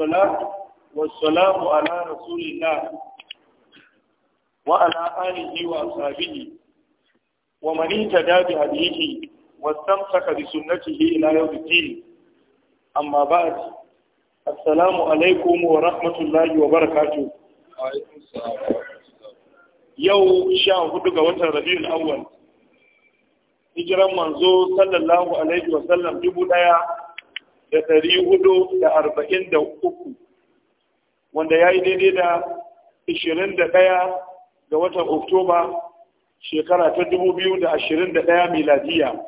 والصلاة والسلام على رسول الله وعلى آله وأصحابه ومن اهتدى بهديه واستمسك بسنته إلى يوم الدين أما بعد السلام عليكم ورحمة الله وبركاته يو شاء hudu ga ربيع الأول awwal hijiran manzo sallallahu alaihi wasallam dubu daya da ɗari hudu da arba'in da uku wanda ya yi daidai da ishirin da ɗaya ga watan oktoba shekara ta dubu biyu da ashirin da ɗaya miladiya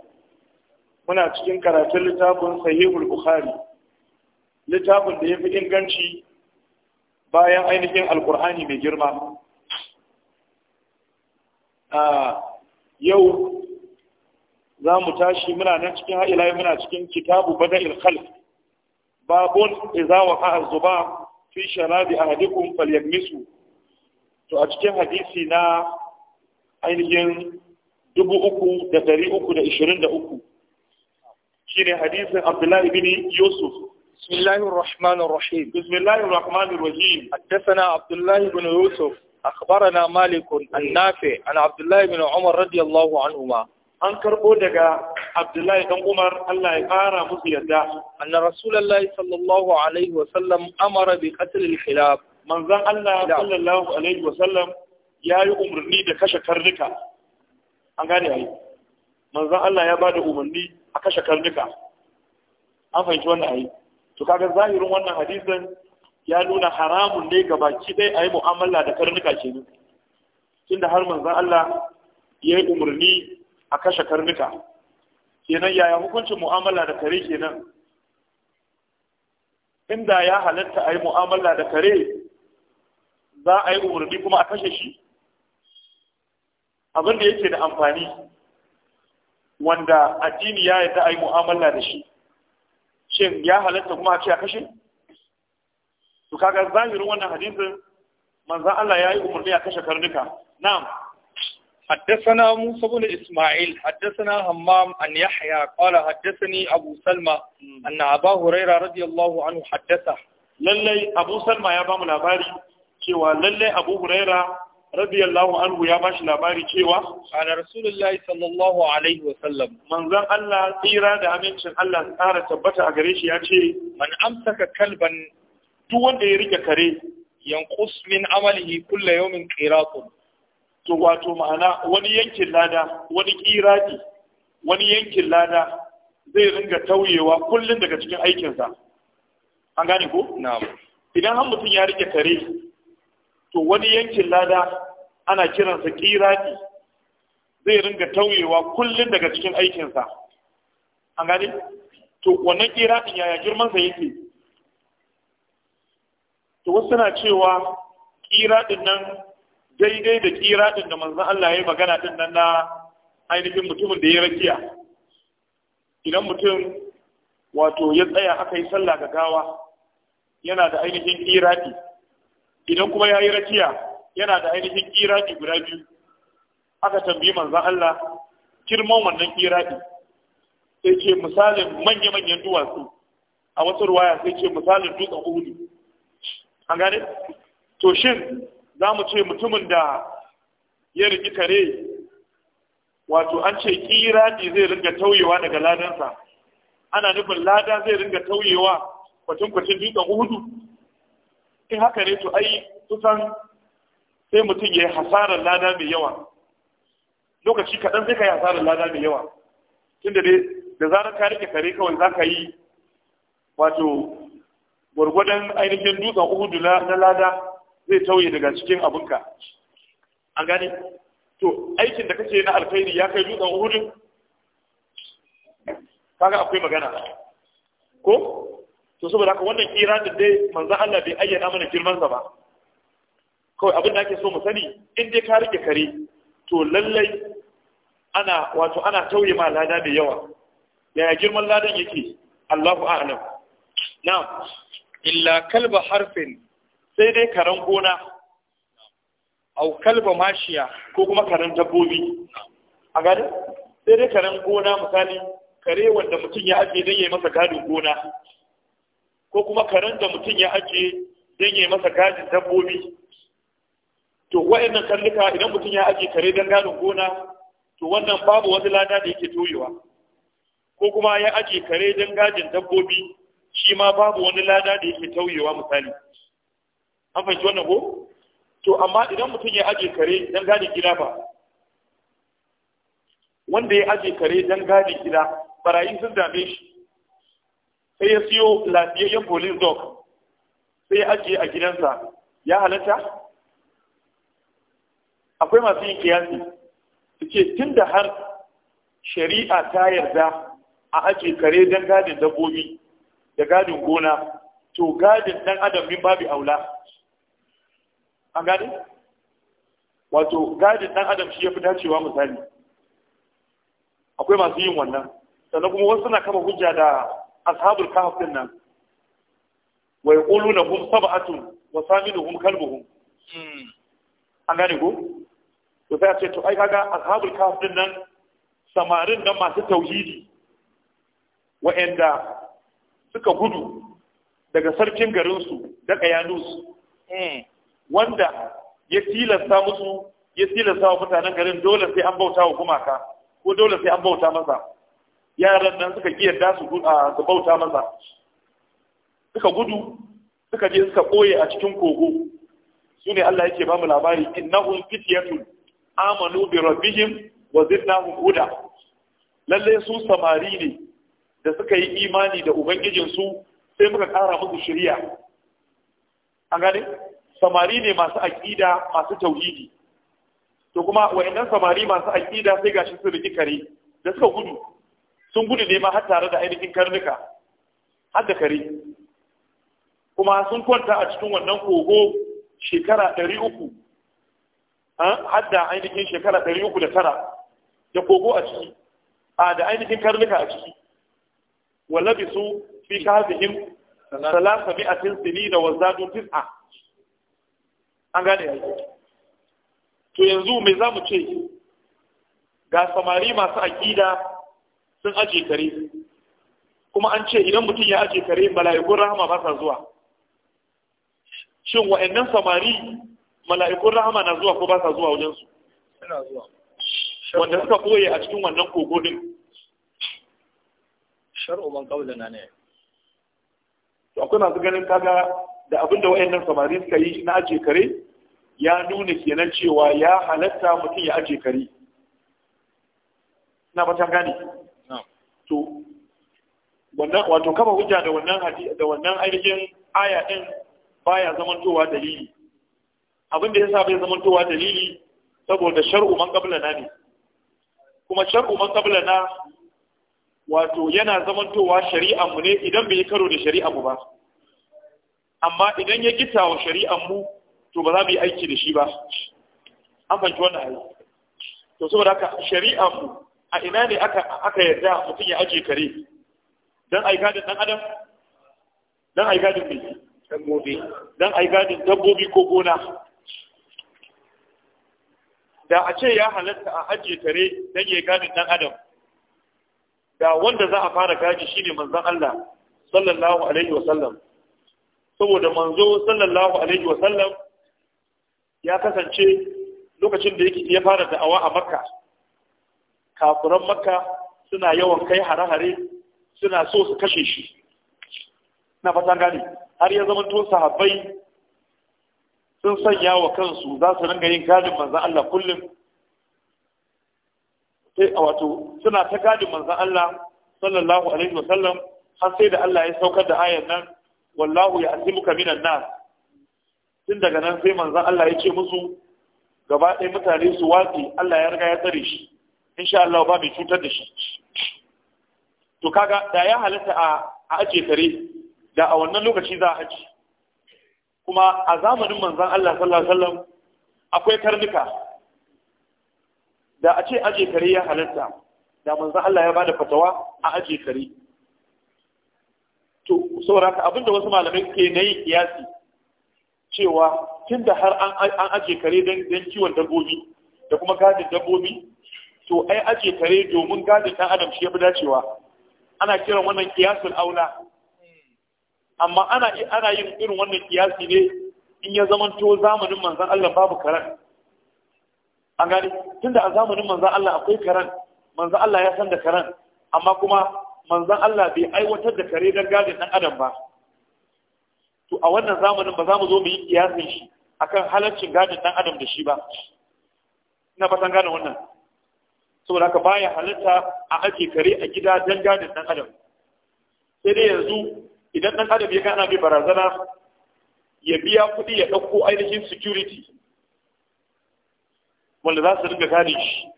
muna cikin karatun littafin sahihul bukhari littafin da ya fi inganci bayan ainihin alkur'ani mai girma yau za mu tashi muna nan cikin ha'ilayi muna cikin kitabu bada khalq babun idza waqa az-zuba fi sharabi ahadikum falyagmisu to a cikin hadisi na ainihin dubu uku da dari uku da ishirin da uku shine hadisin abdullahi bin yusuf بسم الله الرحمن الرحيم بسم الله الرحمن الرحيم حدثنا عبد الله بن يوسف أخبرنا مالك النافع عن عبد الله بن عمر رضي الله عنهما an karbo daga Abdullahi dan Umar Allah ya fara musu yadda anna Rasulullahi sallallahu alaihi wa sallam amara bi qatl al-khilab manzon Allah sallallahu alaihi wa sallam yayi umarni da kashe karnuka an gane ai manzon Allah ya bada umarni a kashe karnuka an fahimci wannan ai to kaga zahirin wannan hadisin ya nuna haramun ne ga baki dai ayi mu'amala da karnuka kenan tunda har manzon Allah ya yi umarni a kashe karnuka kenan yaya hukuncin mu'amala da kare kenan inda ya halatta a yi mu'amala da kare za a yi umarni kuma a kashe shi Abinda yake da amfani wanda addini ya yadda a yi mu'amala da shi shin ya halatta kuma a ce a kashe to kaga zahirin wannan hadisin manzan Allah ya yi umarni a kashe karnuka na'am حدثنا موسى بن إسماعيل حدثنا همام عن يحيى قال حدثني أبو سلمى أن أبا هريرة رضي الله عنه حدثه للي أبو سلمى يا بام لاباري كيوا للي أبو هريرة رضي الله عنه يا باش لاباري كيوا على رسول الله صلى الله عليه وسلم من ذا الله إيرا دا أمين شن الله سارة تبتا أغريشي يأتي من أمسك كلبا دون ديريك كري ينقص من عمله كل يوم قيراط to wato ma'ana wani yankin lada wani kiraji wani yankin lada zai ringa tauyewa kullum daga cikin aikinsa an gane ko idan har mutum ya rike kare to wani yankin lada ana kiransa kiraji zai ringa tauyewa kullum daga cikin aikinsa an gane to wannan kiradin yaya girmansa yake to wasu suna cewa kiradin nan daidai da kira din da manzon Allah ya yi magana din nan na ainihin mutumin da ya rakiya idan mutum wato ya tsaya aka yi sallah ga gawa yana da ainihin kirati idan kuma ya yi rakiya yana da ainihin kirati guda biyu aka tambayi manzon Allah girman wannan kirati sai ce misalin manya-manyan duwatsu a wasu ruwaya sai ce misalin dutsen uhudu an gane to shin za mu ce mutumin da ya riƙi kare wato an ce kiradi zai ringa tauyewa daga ladansa ana nufin lada zai ringa tauyewa kwacin kwacin dutsen uhudu in haka ne to ai kusan sai mutum ya yi hasarar lada mai yawa lokaci kaɗan zai ka yi hasarar lada mai yawa tunda dai da zarar ka rike kare kawai za ka yi wato gwargwadon ainihin dutsen uhudu na lada zai tauye daga cikin abinka an gane to aikin da kake na alkhairi ya kai dutsen uhudin kaga akwai magana ko to saboda haka wannan da dai manzo Allah bai ayyana mana girman sa ba kawai abin da ake so mu sani in dai ka rike kare to lallai ana wato ana tauye ma lada da yawa yaya girman ladan yake Allahu a'lam na'am illa kalba harfin sai dai karen gona a kalba mashiya ko kuma karen dabbobi a gani sai dai karen gona misali kare wanda mutum ya ajiye don ya yi masa gadin gona ko kuma karen da mutum ya ajiye don ya yi masa gadin dabbobi to wa'annan karnuka idan mutum ya ajiye kare don gadin gona to wannan babu wasu lada da yake toyewa ko kuma ya ajiye kare don gadin dabbobi shi ma babu wani lada da yake tauyewa misali an fahimci wannan ko to amma idan mutum ya aje kare dan gadin gida ba wanda ya aje kare dan gadin gida barayin sun dame shi sai ya siyo lafiyayyen police dog sai ya ajiye a gidansa ya halatta akwai masu yin kiyasi su ce tun da har shari'a ta yarda a ajiye kare don gadin dabbobi da gadin gona to gadin ɗan adam min babu aula an gane wato gadin dan adam shi ya fi dacewa misali akwai masu yin wannan sannan kuma wasu suna kama hujja da ashabul kahf din nan wa yaquluna hum sab'atun wa saminuhum kalbuhum hmm. an gane ko to sai a ce to ai kaga ashabul kahf din nan samarin da masu tauhidi wa'anda suka gudu daga sarkin garinsu da kayanus hmm. wanda ya tilasta musu ya tilasta wa mutanen garin dole sai an bauta wa gumaka ko dole sai an bauta masa yaran nan suka kiyarda su su bauta masa suka gudu suka je suka koye a cikin kogo su ne Allah yake ba mu labari innahum fityatun amanu bi rabbihim wa zidnahum huda lalle su samari ne da suka yi imani da ubangijin su sai muka kara musu shari'a an gane samari ne masu aƙida masu tauhidi to kuma wa'annan samari masu aƙida sai gashi sun riki kare da suka gudu sun gudu ne ma har tare da ainihin karnuka har da kare kuma sun kwanta a cikin wannan kogo shekara 300 uku har da ainihin shekara 300 uku da tara da kogo a ciki a da ainihin karnuka a ciki wallabi su fi kafihim salasa mi'atin sinina wa zadu tis'a an gane ya to yanzu mai za mu ce ga samari masu aƙida sun aje kare kuma an ce idan mutum ya aje kare mala'ikun rahama ba sa zuwa shin wa'annan samari mala'ikun rahama na zuwa ko ba sa zuwa wajensu wanda suka koye a cikin wannan kogo din shar'u man ne to akwai masu ganin kaga da abin da wayannan samari suka yi na aje kare ya nuna kenan cewa ya halatta mutum ya aje kare na fatan gane to wannan wato kafa hujja da wannan hadisi da wannan ainihin aya din baya zamantowa dalili abin da yasa bai zamantowa dalili saboda shar'u man na ne kuma shar'u man na wato yana zamantowa shari'a mu ne idan bai karo da shari'a mu ba amma idan ya gita wa shari'an mu to ba za mu yi aiki da shi ba an fahimci wannan ayi to saboda haka shari'an mu a ina ne aka aka yarda mutum ya aje kare dan ai gadin dan adam dan ai gadin mai dabbobi dan ai gadin dabbobi ko gona da a ce ya halatta a ajiye kare dan ya gadin dan adam da wanda za a fara gaji shine manzon Allah sallallahu alaihi wasallam saboda manzo sallallahu alaihi wa sallam ya kasance lokacin da yake ya fara da'awa a makka kafiran makka suna yawan kai hare-hare suna so su kashe shi na fatan gani har ya zama to sahabbai sun sanya wa kansu za su ringa yin gadin manzan Allah kullum sai a wato suna ta gadin manzan Allah sallallahu alaihi wa sallam har sai da Allah ya saukar da ayan nan wallahu ya ka minan nas tun daga nan sai manzan Allah ya ce musu gaba ɗaya mutane su watsi Allah ya riga ya tsare shi insha Allah ba mai cutar da shi to kaga da ya halatta a a aje kare da a wannan lokaci za a aji. kuma a zamanin manzon Allah sallallahu alaihi wasallam akwai karnuka da a ce aje kare ya halatta da manzon Allah ya bada fatawa a aje kare saboda abin abinda wasu malamai ke na yin kiyasi cewa tun da har an ajiye kare don kiwon dabbobi da kuma gadin dabbobi to ai ajiye kare domin gadin ɗan adam shi ya fi dacewa ana kiran wannan kiyasin aula amma ana yin irin wannan kiyasi ne in ya zamanto zamanin manzan Allah babu karan an gani tun da a zamanin manzan Allah akwai karan manzan Allah ya san da karan amma kuma manzon Allah bai aiwatar da kare don gadin ɗan adam ba to a wannan zamanin ba za mu zo mu yi kiyasin shi akan halaccin gadin ɗan adam da shi ba ina fatan gane wannan saboda haka baya halatta a ake kare a gida don gadin ɗan adam sai dai yanzu idan ɗan adam ya gana mai barazana ya biya kuɗi ya ɗauko ainihin security wanda za su riga gane shi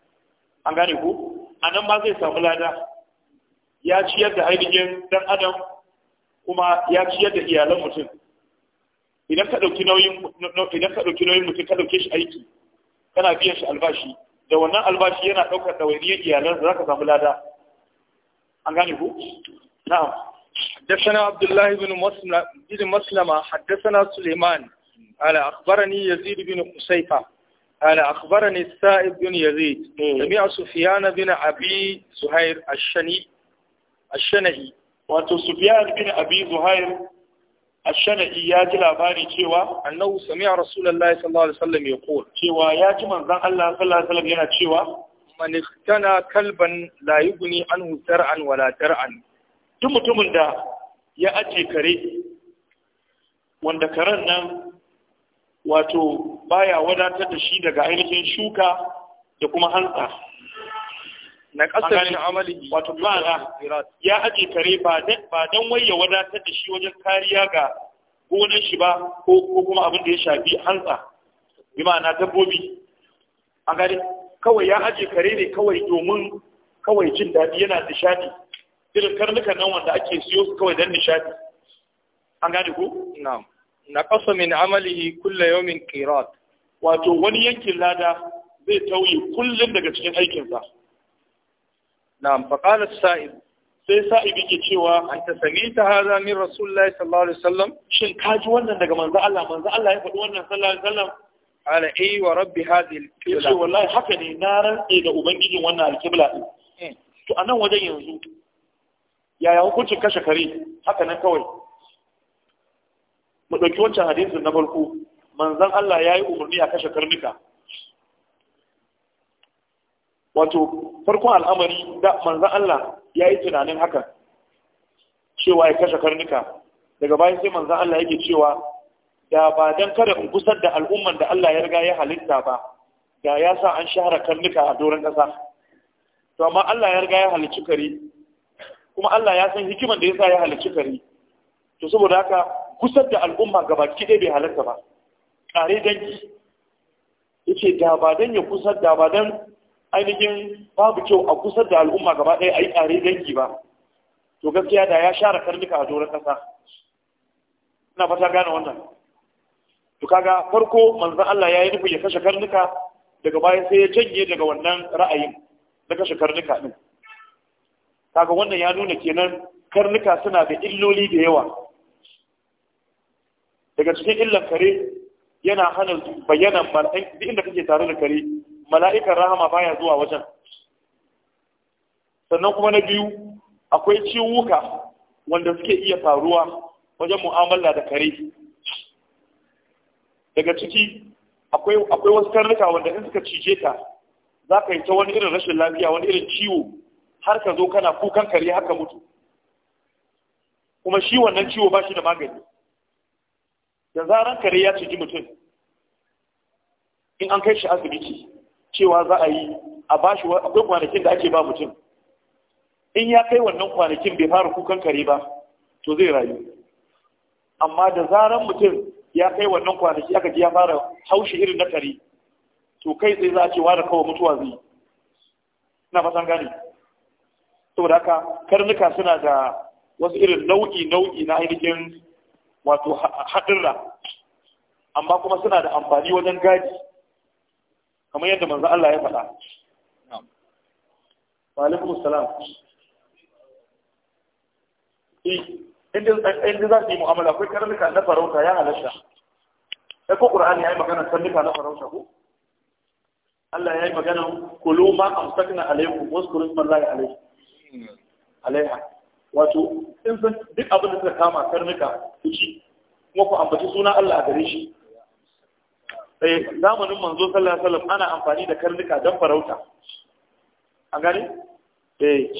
an gane ko a nan ma zai samu lada ya ciyar da ainihin dan adam kuma ya ciyar da iyalan mutum idan ka ɗauki nauyin idan ka nauyin mutum ka ɗauke shi aiki kana biyan shi albashi da wannan albashi yana ɗaukar ɗawainiyar iyalan za ka samu lada an gane ku na'am حدثنا عبد الله بن مسلم بن مسلمة حدثنا سليمان قال أخبرني يزيد بن حسيفة قال أخبرني السائب بن يزيد سفيان بن أبي سهير الشني ash wato sufyan bin abi zuhair ash ya ji labari cewa annahu sami'a rasulullahi sallallahu alaihi wasallam yaqul cewa ya ji manzon Allah sallallahu alaihi wasallam yana cewa man ikhtana kalban la yughni anhu tar'an wala tar'an duk mutumin da ya aje kare wanda karen nan wato baya wadatar da shi daga ainihin shuka da kuma hantsa na kasar min wato ma'ana ya aje kare ba dan wai ya wadatar da shi wajen kariya ga gonan shi ba ko kuma abin da ya shafi hantsa bi ma'ana dabbobi a gari kawai ya aje kare ne kawai domin kawai jin daɗi yana nishadi irin karnukan nan wanda ake siyo su kawai don nishadi an gane ko na'am na kasa min amalihi kullu yawmin qirat wato wani yankin lada zai tauye kullum daga cikin aikinsa na'am fa qala sa'ib sai sa'ib yake cewa an ta sami ta hadha min rasulullahi sallallahu alaihi wasallam shin ka ji wannan daga manzo Allah manzo Allah ya faɗi wannan sallallahu alaihi wasallam ala ai eh, wa rabbi hadhihi al-qibla wallahi haka ne na rantsa da ubangijin wannan al-qibla din eh. to anan wajen yanzu yaya hukuncin kashe kare haka nan kawai mu ɗauki wancan hadisin na farko manzon Allah ya yi umarni a kashe karnuka wato farkon al'amari da manzan Allah ya yi tunanin haka cewa ya kashe karnuka daga bayan sai manzan Allah yake cewa da ba don kada in kusar da al'umman da Allah ya riga ya halitta ba da ya sa an shahara karnuka a doron ƙasa to amma Allah ya riga ya halicci kare kuma Allah ya san hikiman da ya sa ya halicci kare to saboda haka kusar da al'umma gaba ki bai halitta ba ƙare Ya ce da ba don ya kusar da ba don ainihin babu kyau a kusa da al'umma gaba ɗaya a yi tare dangi ba to gaskiya da ya share karnuka a doron ƙasa ina fata gane wannan to kaga farko manzon Allah ya yi nufi ya kashe karnuka daga baya sai ya canje daga wannan ra'ayin na kashe karnuka din kaga wannan ya nuna kenan karnuka suna da illoli da yawa daga cikin illan kare yana hana bayanan mal'ai duk inda kake tare da kare mala'ikan rahama baya zuwa wajen sannan kuma na biyu akwai ciwuka wanda suke iya faruwa wajen mu'amala da kare daga ciki akwai wasu karnuka wanda in suka cije ka za ka yi ta wani irin rashin lafiya wani irin ciwo har ka zo kana kukan kare haka mutu kuma shi wannan ciwo ba shi da magani da zaran kare ya ciji mutum in an kai shi asibiti cewa za a yi a shi akwai kwanakin da ake ba mutum in ya kai wannan kwanakin bai fara kukan kare ba to zai rayu amma da zaran mutum ya kai wannan kwanaki aka ji ya fara haushi irin na kare to kai sai za a ce ware kawai mutuwa zai na fatan gane saboda haka karnuka suna da wasu irin nau'i nau'i na ainihin wato haɗurra amma kuma suna da amfani wajen gadi. kamar yadda manzo Allah ya faɗa wa alaikum salam eh, inda za su yi mu'amala akwai karnuka na farauta ya halarta. sai ko qur'ani ya yi magana karnuka na farauta ko Allah ya yi magana kulu ma amsakna alaikum waskuru ismallahi alaikum alaiha wato in san duk abin da suka kama karnuka ku ci kuma ku ambaci suna Allah a gare shi Eh, zamanin manzo sallallahu alaihi wasallam ana amfani da karnuka don farauta an gane eh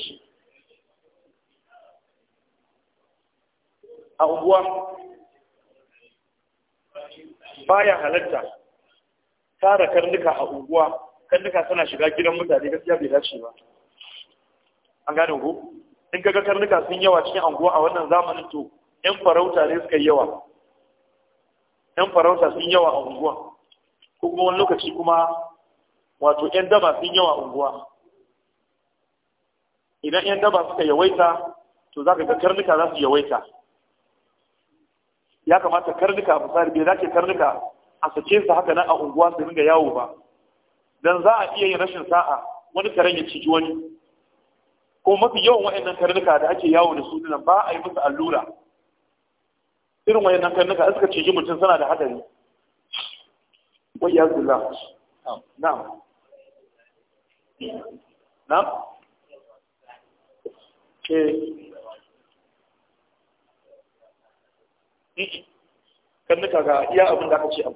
a unguwa baya halatta tara karnuka a unguwa karnuka suna shiga gidan mutane gaskiya bai dace ba an gane ku in kaga karnuka sun yawa cikin anguwa a wannan zamanin to yan farauta ne suka yawa yan farauta sun yawa a unguwa ko kuma wani lokaci kuma wato 'yan daba sun yawa unguwa idan 'yan daba suka yawaita to za ka ga karnuka za su yawaita ya kamata karnuka misali bai ke karnuka a sace su haka nan a unguwa su ringa yawo ba dan za a iya yin rashin sa'a wani karen ya ciki wani ko mafi yawan wa'annan karnuka da ake yawo da su nan ba a yi musu allura irin wayannan karnuka suka ciki mutum suna da hadari wa ya zula na'am na'am eh kan nuka ga iya abin da aka ce su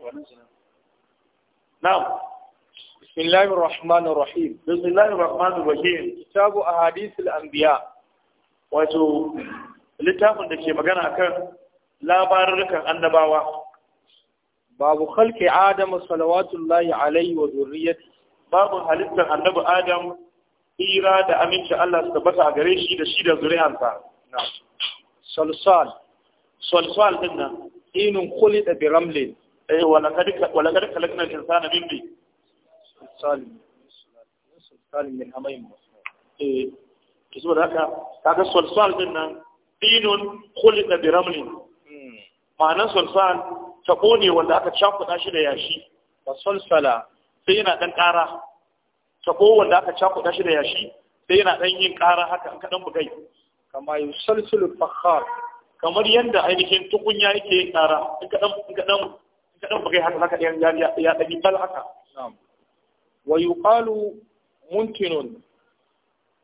بسم الله الرحمن الرحيم بسم الله الرحمن الرحيم كتاب أحاديث الأنبياء wato littafin da ke magana kan labarurukan annabawa babu khalqi adam salawatullahi alaihi wa zurriyyati babu halittar annabi adam Ira da aminci Allah su tabbata a gare shi da shi da zuri'ansa na salsal salsal din nan inun kuli da biramlin eh wala kad wala kad kalakna insana min bi salsal salsal min hamayin eh to saboda haka kaga salsal din nan inun kuli da biramlin ma'anar salsal Taɓo ne wanda aka cakuɗa shi da yashi wa salsala sai yana ɗan ƙara tabo wanda aka cakuɗa shi da yashi sai yana ɗan yin ƙara haka an ka bugai kama yi salsulu fakhar kamar yadda ainihin tukunya yake yin ƙara in ka ɗan in ka in bugai haka haka ya ya ɗan bal haka wa yuqalu muntinun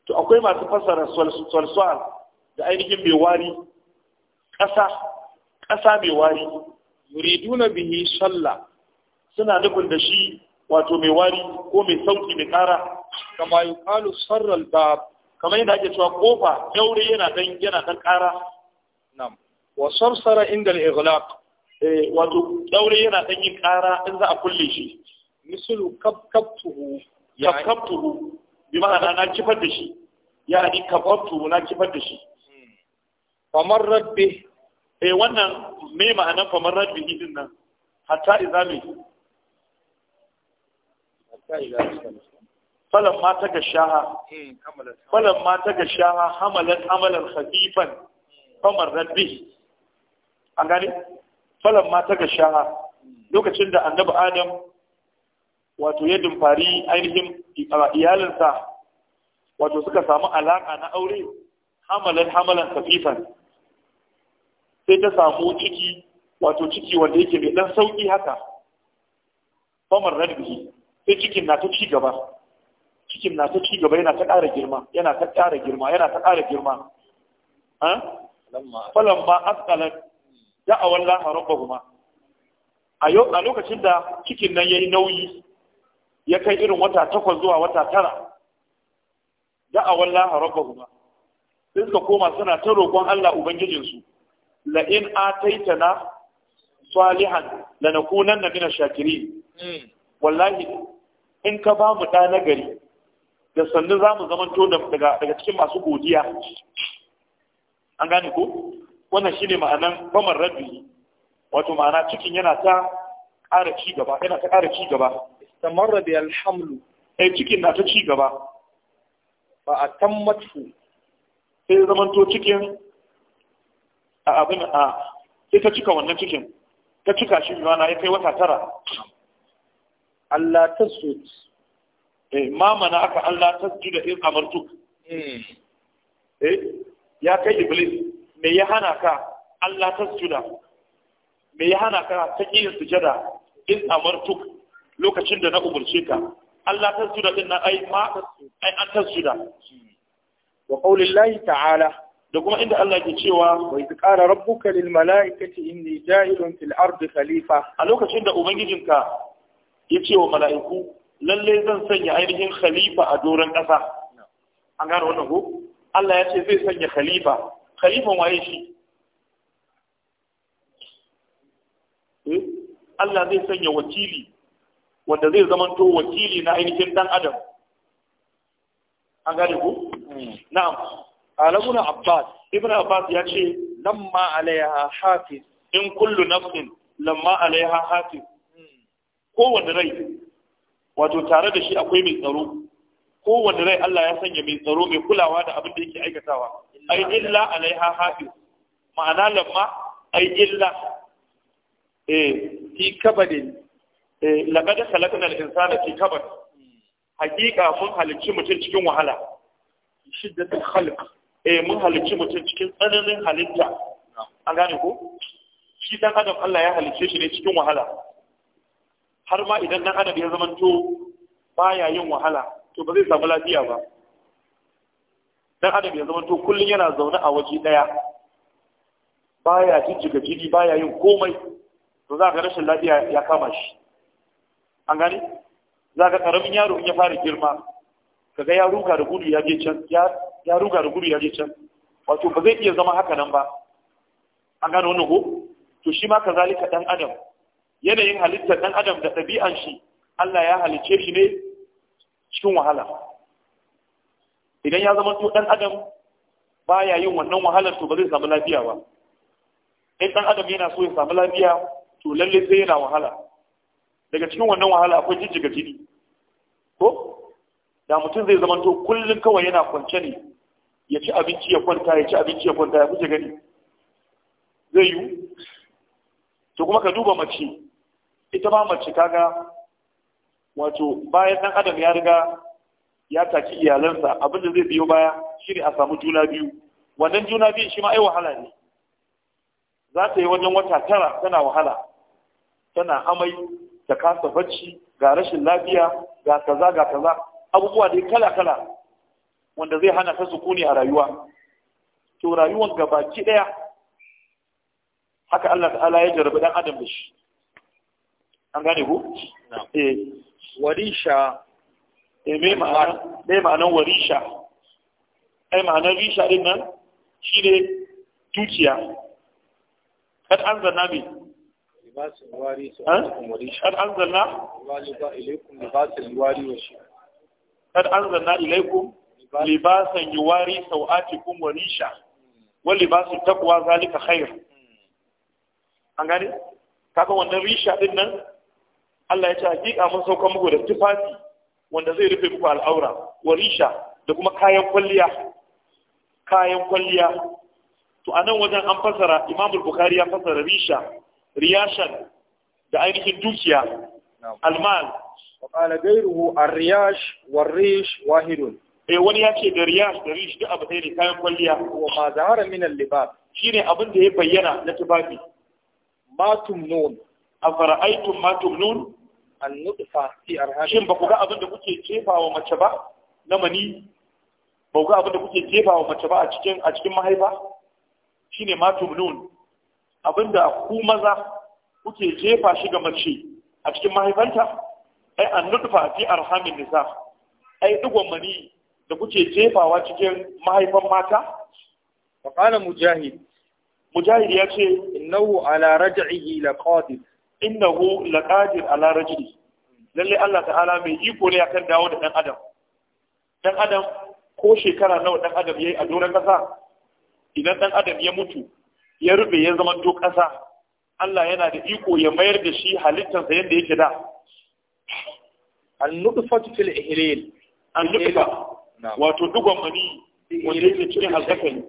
to akwai masu fassara salsual da ainihin mai wari ƙasa ƙasa mai wari yuriduna bihi shalla suna nufin da shi wato mai wari ko mai sauki mai kara kama Kalu sarral ba kamar yana ake cewa kofa yaure yana dan yana dan kara nam wa sarsara inda al-ighlaq eh, wato yaure yana dan yin kara in za a kulle shi misalu kabkabtuhu kabkabtuhu bi ma'ana na kifar da shi ni kabkabtuhu na kifar da shi Kamar hmm. rabbi eh wannan me ma'anan famar radbi din nan hatta izami hatta izami ma ta ga shaha. Eh, Falon ma ta ga shaha, hamalan amalan khafifan famar radbi an gani. Falon ma ta ga shaha. lokacin da annabi adam wato ya dumfari ainihin iyalinsa wato suka samu alaka na aure hamalan hamalan khafifan sai ta samu ciki wato ciki wanda yake mai dan sauki haka famar radbi sai cikin na ta ci gaba cikin na ta ci gaba yana ta ƙara girma yana ta ƙara girma yana ta ƙara girma falan ba asqalat da'a wallaha Rabba a a lokacin da cikin nan yayi nauyi ya kai irin wata takwas zuwa wata tara da'a wallaha rabbahuma sai suka koma suna ta roƙon Allah ubangijinsu la'in ataitana salihan lanakunanna min ash-shakirin wallahi in ka ba mu da nagari da sannu za mu zamanto daga daga cikin masu godiya an gane ko wannan shine ma'anan famar rabbi wato ma'ana cikin yana ta ƙara ci gaba yana ta ƙara ci gaba istamarra rabbi alhamdu eh cikin na ta ci gaba a tammatu sai zamanto cikin abin a sai ta cika wannan cikin ta cika shi yana ya kai wata tara Allah ta su eh ma mana aka Allah ta da in amartu eh. eh ya kai iblis me ya hana ka Allah ta da me ya hana ka ta yi sujada in amartu lokacin da na umurce ka Allah ta da din na ai ma ai an ta da wa qaulillahi ta'ala da kuma inda Allah ke cewa wa idh qala rabbuka lil mala'ikati inni ja'ilun fil ardi khalifa a lokacin da ubangijinka ya ce wa mala'iku lalle zan sanya ainihin khalifa a doron ƙasa an gano wannan ko Allah ya ce zai sanya khalifa khalifan waye shi eh? Allah zai sanya wakili wanda zai zamanto wakili na ainihin dan adam an gane ku hmm. na'am alamun abbas ibn abbas ya ce lamma alaiha hafi, in kullu nafsin lamma alaiha hafi." kowanne rai wato tare da shi akwai mai tsaro kowanne rai Allah ya sanya mai tsaro mai kulawa da abin da yake aikatawa ai illa alaiha hafi, ma'ana lamma ai illa eh fi kabadin eh laqad khalaqna al-insana fi kabad hakika mun halicci mutum cikin wahala shiddatul khalq eh mun halicci mutum cikin tsananin halitta an gane ko shi dan adam Allah ya halicce shi ne cikin wahala har ma idan dan adam ya zama to baya yin wahala to ba zai samu lafiya ba dan adam ya zama to kullun yana zaune a waje daya baya jijjiga jini baya yin komai to za ka rashin lafiya ya kama shi an gane za ka karamin yaro in ya fara girma kaga ya ruga da gudu ya je can ya ruga da gudu ya je can wato ba zai iya zama haka nan ba an gano wannan ko to shi ma kazalika dan adam yanayin halittar dan adam da ɗabi'an shi Allah ya halicce shi ne cikin wahala idan ya zama to dan adam baya yin wannan wahalar to ba zai samu lafiya ba in dan adam yana so ya samu lafiya to lalle sai yana wahala daga cikin wannan wahala akwai jijjiga jini ko da mutum zai zama to kullum kawai yana kwance ne ya ci abinci ya kwanta ya ci abinci ya kwanta ya kuce gani zai yi to kuma ka duba mace ita ma mace kaga wato bayan ɗan adam ya riga ya taki iyalansa abinda zai biyo baya shine a samu juna biyu wannan juna biyu shi ma ai wahala ne za ta yi wajen wata tara tana wahala tana amai ta kasa bacci ga rashin lafiya ga kaza ga kaza abubuwa da kala kala wanda zai hana ta sukuni a rayuwa to rayuwan gabaki daya haka Allah ta'ala ya jarabi dan adam da shi an gane ku eh warisha eh me ma'ana me ma'anan warisha ai eh, ma'anar risha din nan shine tuciya kad anzalna bi libasul eh? warisha an anzalna wa ilaykum libasul wari wa kad anzalna ilaykum libasan yuwari sawatikum wa risha wal libasu taqwa zalika khair an gane kaga wannan risha din Allah ya ce hakika mun sauka muku da tufafi wanda zai rufe muku al'aura wa risha da kuma kayan kwalliya kayan kwalliya to a nan wajen an fasara imamul bukhari ya fasara risha riyashan da ainihin dukiya almal وقال غيره الرياش والريش واحد eh wani ya ce da riyash da rish duk abu ne kayan kwalliya wa ma zahara min al-libab shine abin da ya bayyana na tufafi ma tumnun afara'aytum ma tumnun an-nutfa fi arham shin ba ku ga abin da kuke jefa wa mace ba na mani ba ku ga abin da kuke jefa wa mace ba a cikin a cikin mahaifa shine ma tumnun abinda ku maza kuke jefa shi ga mace a cikin mahaifanta ai an nutfa fi arhamin nisa ai digon mani da kuke jefawa cikin mahaifan mata fa qala mujahid mujahid ya ce innahu ala raj'ihi qadir innahu qadir ala raj'ihi lalle Allah ta'ala mai iko ne akan dawo da dan adam dan adam ko shekara nawa dan adam yayi a doron kasa idan dan adam ya mutu ya rube ya zama to kasa Allah yana da iko ya mayar da shi halittarsa yadda yake da an-nutfatu fil ihlil an-nutfa wato dugon mani wanda yake cikin azzakari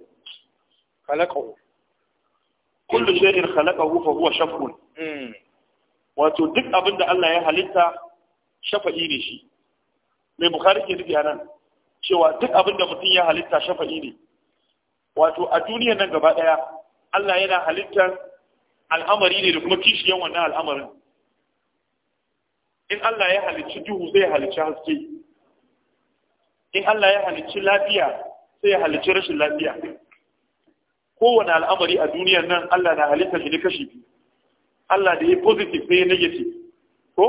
khalaqahu kullu shay'in khalaqahu fa huwa shaf'un hmm. wato duk abinda Allah ya halitta shafa'i ne shi mai bukhari ke nufi nan. cewa duk abinda mutum ya halitta shafa'i ne wato a duniya nan gaba daya Allah yana halittar al'amari ne da kuma kishiyan wannan al'amarin in Allah ya halicci duhu zai halicci haske in Allah ya halicci lafiya sai ya halicci rashin lafiya kowane al'amari a duniyar nan Allah na halitta shi ne kashi biyu Allah da ya positive sai ya negative ko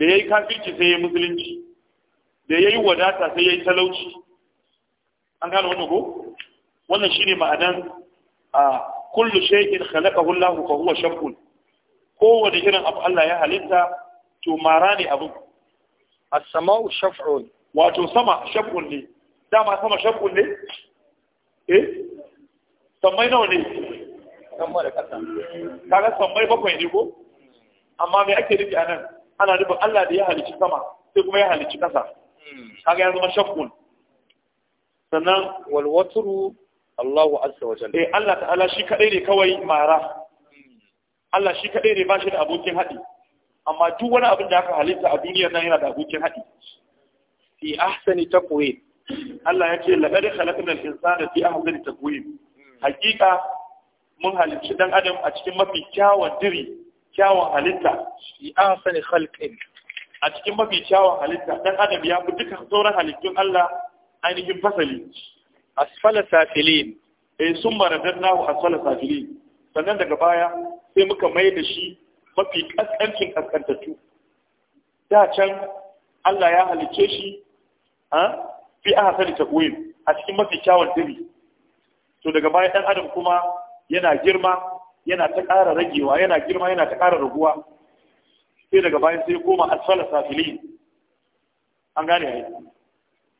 da ya yi kafirci sai ya yi musulunci da ya yi wadata sai ya yi talauci an gano wannan ko wannan shine ma'anan a kullu shay'in khalaqahu Allah fa huwa shakkun kowane irin abu Allah ya halitta to mara ne abu a sama shaf'un wato sama shaf'un ne dama sama shaf'un ne eh sammai nawa ne sama da kasa kaga sammai bakwai ne ko amma me ake nufi nan? ana nufin Allah da ya halicci sama sai kuma ya halicci kasa hmm. kaga ya zama shaf'un sannan walwaturu Allahu azza wa jalla eh Allah ta'ala shi kadai ne kawai mara hmm. Allah shi kadai ne ba shi da abokin haɗi amma duk wani abin da aka halitta a duniyar nan yana da abokin haɗi fi ahsani taqwim Allah ya ce laqad khalaqna al-insana fi ahsani taqwim hakika mun halicci dan adam a cikin mafi kyawun diri kyawun halitta fi ahsani khalqin a cikin mafi kyawun halitta dan adam ya fi duka sauran halittun Allah ainihin fasali asfala safilin eh sun maradar nahu asfala safilin sannan daga baya sai muka mai da shi mafi ƙasƙancin ƙasƙantattu da can Allah ya halice shi a fi aka sani takwim a cikin mafi kyawun diri to daga baya ɗan adam kuma yana girma yana ta ƙara ragewa yana girma yana ta ƙara raguwa sai daga baya sai koma asfala safili an gane ne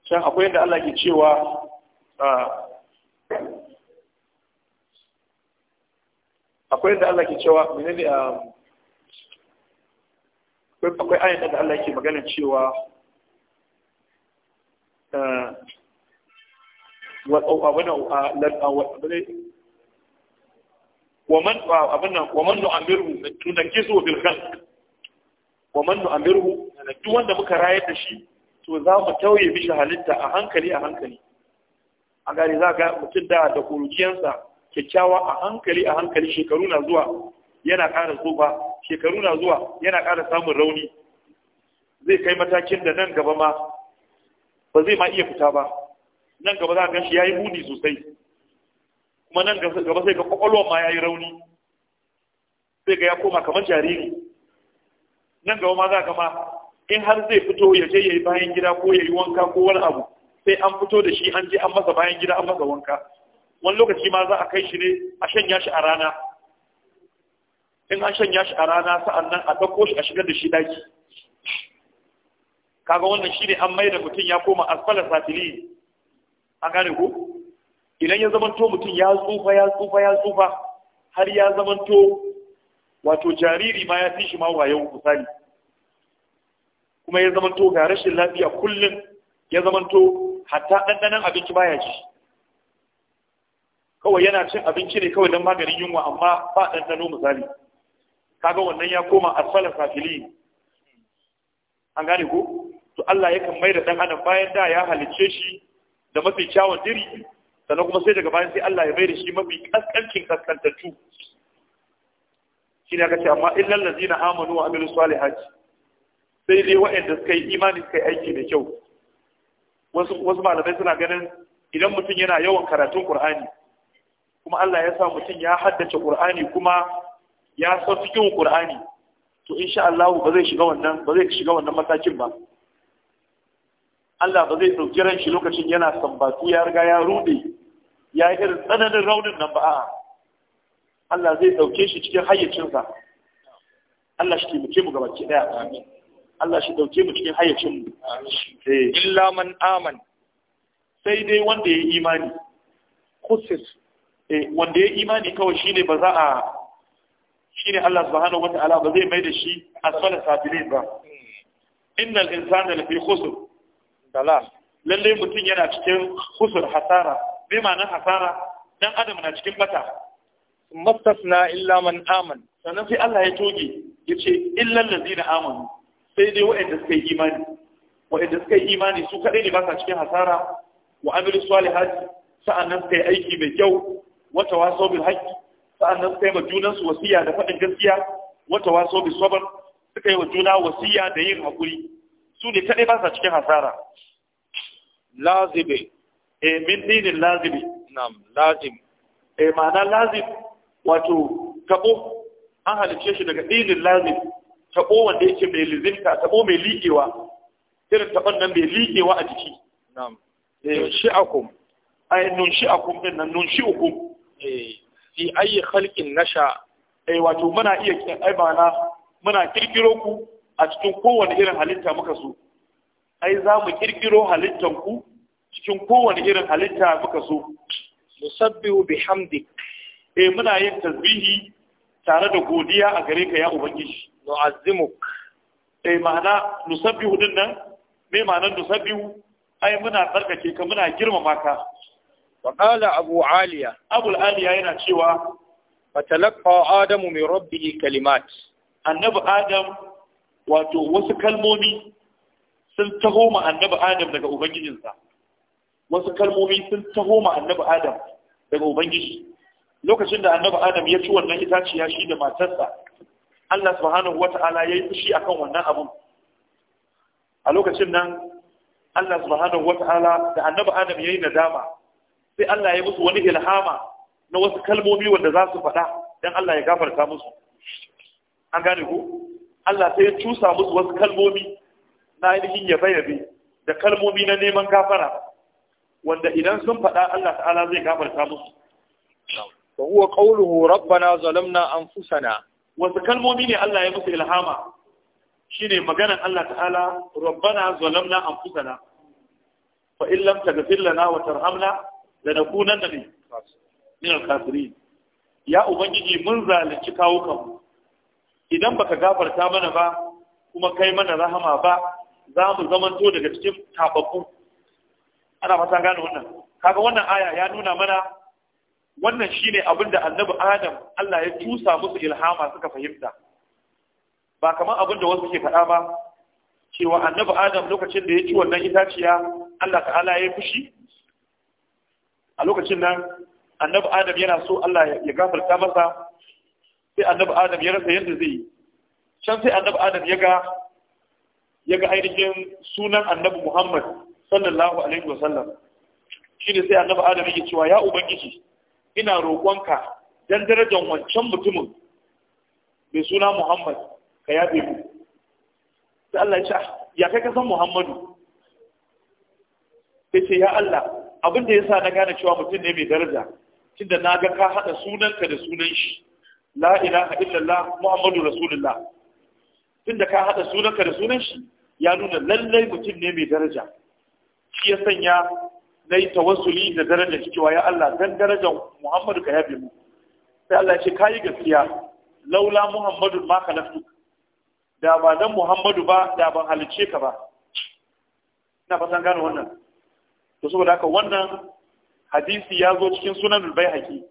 can akwai yadda Allah ke cewa akwai yadda Allah ke cewa menene um, akwai ayyana da Allah yake magana cewa ومن أبنا ومن نعمره ننكسه بالخلق ومن na duk wanda muka rayar da shi to za mu tauye mishi halitta a hankali a hankali a gari za ga mutum da da kuruciyansa kyakkyawa a hankali a hankali shekaru na zuwa yana ƙara tsufa shekaru na zuwa yana ƙara samun rauni zai kai matakin da nan gaba ma ba zai ma iya fita ba nan gaba za a gan shi ya yi muni sosai kuma nan gaba sai ga ƙwaƙwalwa ma ya yi rauni sai ga ya koma kamar jariri nan gaba ma za a gama in har zai fito ya je ya yi bayan gida ko ya yi wanka ko wani abu sai an fito da shi an je an masa bayan gida an masa wanka wani lokaci ma za a kai shi ne a shanya shi a rana in an shanya shi a rana sa'an nan a ɗauko shi a shigar da shi daki kaga wannan shine an mai da mutum ya koma asfala safili an gane ko idan ya zamanto mutum ya tsufa ya tsufa ya tsufa har ya zamanto wato jariri ma ya fi shi ma misali kuma ya zamanto ga rashin lafiya kullum ya zamanto hatta ɗanɗanon abinci baya ci kawai yana cin abinci ne kawai don maganin yunwa amma ba ɗanɗano misali kaga wannan ya koma asfalin kafili? an gane ko to Allah yakan mai da dan adam bayan da ya halicce shi da mafi kyawun diri sannan kuma sai daga bayan sai Allah ya mai da shi mafi kaskancin kaskantattu ne aka ce amma illal ladina amanu wa amilu salihati sai dai waɗanda suka yi imani suka yi aiki da kyau wasu wasu malamai suna ganin idan mutum yana yawan karatun Qur'ani kuma Allah ya sa mutum ya haddace Qur'ani kuma ya san cikin Qur'ani to insha Allah ba zai shiga wannan ba zai shiga wannan matakin ba Allah ba zai dauki ran shi lokacin yana sambatu ya riga ya rude ya yi irin tsananin raunin nan ba a'a Allah zai dauke shi cikin hayyacinsa Allah shi taimake mu gabaki daya Allah shi dauke mu cikin hayyacin mu eh. illa man aman sai dai wanda ya yi imani kusir eh, wanda ya yi imani kawai shine ba za a shine Allah subhanahu wata'ala ba zai mai da shi asfala sabilin ba innal insana lafi khusr dala lalle mutum yana cikin khusr hasara bai ma'anar hasara dan adam na cikin bata mastasna illa man aman sannan sai Allah ya toge yace illal ladina amanu sai dai waɗanda suka yi imani waɗanda suka yi imani su kadai ne ba sa cikin hasara wa amilu salihati sa'annan suka yi aiki mai kyau wata wasau bil haqqi sa'annan suka yi wa junan su wasiya da faɗin gaskiya wata waso bi sabr suka yi wa juna wasiya da yin hakuri su ne kadai ba sa cikin hasara lazibi eh min dinin lazibi na'am lazim eh ma'ana lazim wato tabo an halice shi daga dinin lazim tabo wanda yake mai lizimta tabo mai liƙewa irin taban nan mai liƙewa a jiki na'am eh shi'akum shi akum din nan nun shi eh fi ayi khalqin nasha ai eh, wato muna iya ai bana muna kirkiro ku a cikin kowane irin halitta muka so ai za mu kirkiro halittan ku cikin kowane irin halitta muka so musabbihu bihamdik eh muna yin tasbihi tare da godiya a gare ka ya ubangiji nu'azzimuk eh ma'ana nusabbihu dinnan, me ma'anar nusabbihu ai muna tsarkake ka muna girmama ka wa qala abu aliya abul yana cewa fatalaqa adamu rabbi ne kalimat annabi adam wato wasu kalmomi sun taho annabi adam daga ubangijinsa lokacin da annabi adam ya ci wannan itaciya shi da matarsa Allah subhanahu wata'ala ya yi fushi akan wannan abun a lokacin nan Allah subhanahu wata'ala da annabi adam ya yi nadama sai Allah ya musu wani ilhama na wasu kalmomi wanda za su faɗa dan Allah ya gafarta musu an gane ku Allah sai ya cusa musu wasu kalmomi na ainihin yabe-yabe da kalmomi na neman gafara wanda idan sun faɗa Allah ta'ala zai gafarta musu wa huwa qawluhu rabbana zalamna anfusana wasu kalmomi ne Allah ya musu ilhama shine maganan Allah ta'ala rabbana zalamna anfusana fa in lam taghfir lana wa tarhamna da na kunan da ne min al ya ubangiji mun zalunci kawo kanmu idan baka gafarta mana ba kuma kai mana rahama ba za mu zamanto daga cikin tababbu ana fata gane wannan kaga wannan aya ya nuna mana wannan shine abinda da annabi adam Allah ya tusa musu ilhama suka fahimta ba kamar abinda da wasu ke faɗa ba cewa annabi adam lokacin da ya ci wannan itaciya Allah ta'ala ya yi fushi a lokacin nan annabi adam yana so Allah ya gafarta masa sai annabi adam ya rasa yadda zai yi can sai annabi adam ya ga ya ga ainihin sunan annabi muhammad sallallahu alaihi wa sallam ne sai annabi adam yake cewa ya ubangiji ina roƙonka dan darajar wancan mutumin mai suna muhammad ka yabe mu sai Allah ya ce ah, ya kai ka san muhammadu sai ce ya Allah abin da ya sa na gane cewa mutum ne mai daraja tunda na ga ka haɗa sunanka da sunan shi la ilaha illallah muhammadu rasulullah tunda ka haɗa sunanka da sunan shi ya nuna lallai mutum ne mai daraja shi ya sanya na yi tawassuli da daraja cewa ya Allah dan darajar muhammadu ka yabe mu sai Allah ya ce kayi gaskiya laula muhammadu ma lafi da ba dan muhammadu ba da ban halice ka ba ina fatan gane wannan to saboda haka wannan hadisi ya zo cikin sunan baihaqi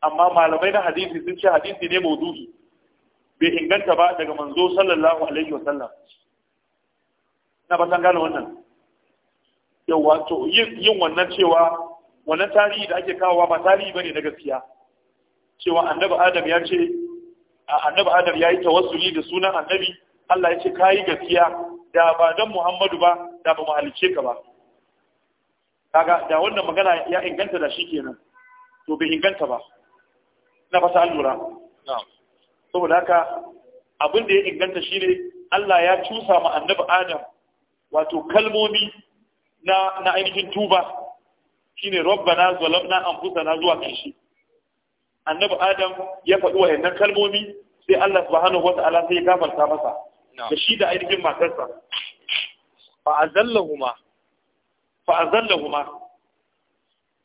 amma malamai na hadisi sun ce hadisi ne maudu'i bai inganta ba daga manzo sallallahu alaihi wasallam na ba san gane wannan yawa to yin wannan cewa wannan tarihi da ake kawowa ba tarihi bane na gaskiya cewa annabi adam ya ce annabi adam ya yi tawassuli da sunan annabi Allah ya ce kayi gaskiya da ba dan Muhammadu ba da ba mu halice ka ba kaga da wannan magana ya inganta da shi kenan to bai inganta ba na fata lura. saboda haka abin da ya inganta shi ne Allah ya cusa ma annabi Adam wato kalmomi na na ainihin tuba shine rabbana zalamna anfusana zuwa kishi." annabi Adam ya faɗi wayannan kalmomi sai Allah subhanahu wata'ala sai ya gafarta masa da shi da ainihin matarsa fa azallahuma fa azallahuma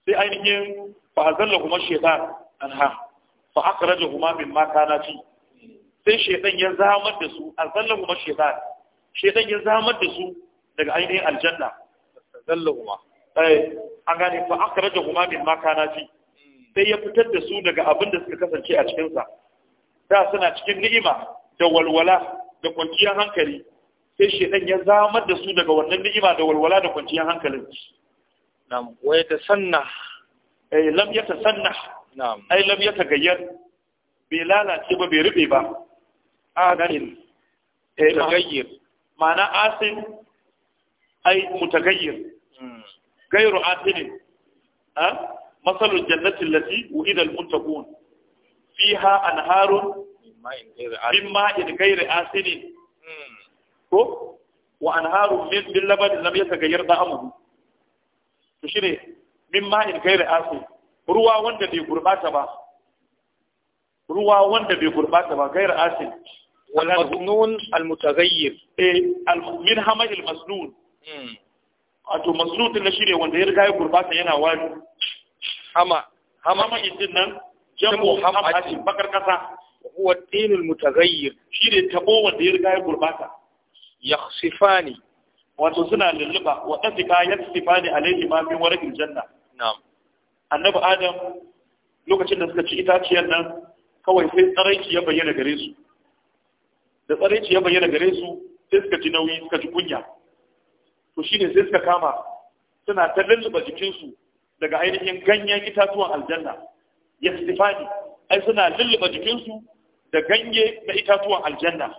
sai ainihin fa azallahuma shaytan anha fa akhrajahuma mimma na ci. sai shaytan ya zamar da su a azallahuma shaytan shaytan ya zamar da su daga ainihin aljanna azallahuma ɗaya eh, an gane fa akhrajahuma mimma na ci. sai ya fitar da su daga abin da suka kasance a cikinsa da suna cikin ni'ima da walwala da kwanciyar hankali sai shedan ya zamar da su daga wannan ni'ima da walwala da kwanciyar hankalin na'am wa sanna ay eh, lam yatasanna na'am ay lam gayyar. bai lalace ba bai rube ba a gani eh, ay gayyir. ma'ana asin ay mutagayyir hmm. gairu asin ha masalul jannati allati wa'ida al-muttaqun fiha anharun mimma in ghairi asinin ko wa anharu min min labanin lam da da'amuhu to shine min ma in ghairi asin ruwa wanda bai gurbata ba ruwa wanda bai gurbata ba ghairi asin والمظنون المتغير من همج المسنون wato masnun din shi ne wanda ya riga ya gurbata yana wani hama hama din nan jamu hama bakar kasa huwa dinul mutaghayyir shi ne tabo wanda ya riga ya gurbata yakhsifani wato suna lulluba wa tasika yakhsifani alayhi ma min warqil janna na'am annabi adam lokacin da suka ci itaciyar nan kawai sai tsaraici ya bayyana gare su da tsaraici ya bayyana gare su sai suka ji nauyi suka ji kunya to shine sai suka kama suna ta lulluba jikinsu daga ainihin ganyen itatuwan aljanna yakhsifani ai suna lulluba jikinsu da ganye na itatuwan aljanna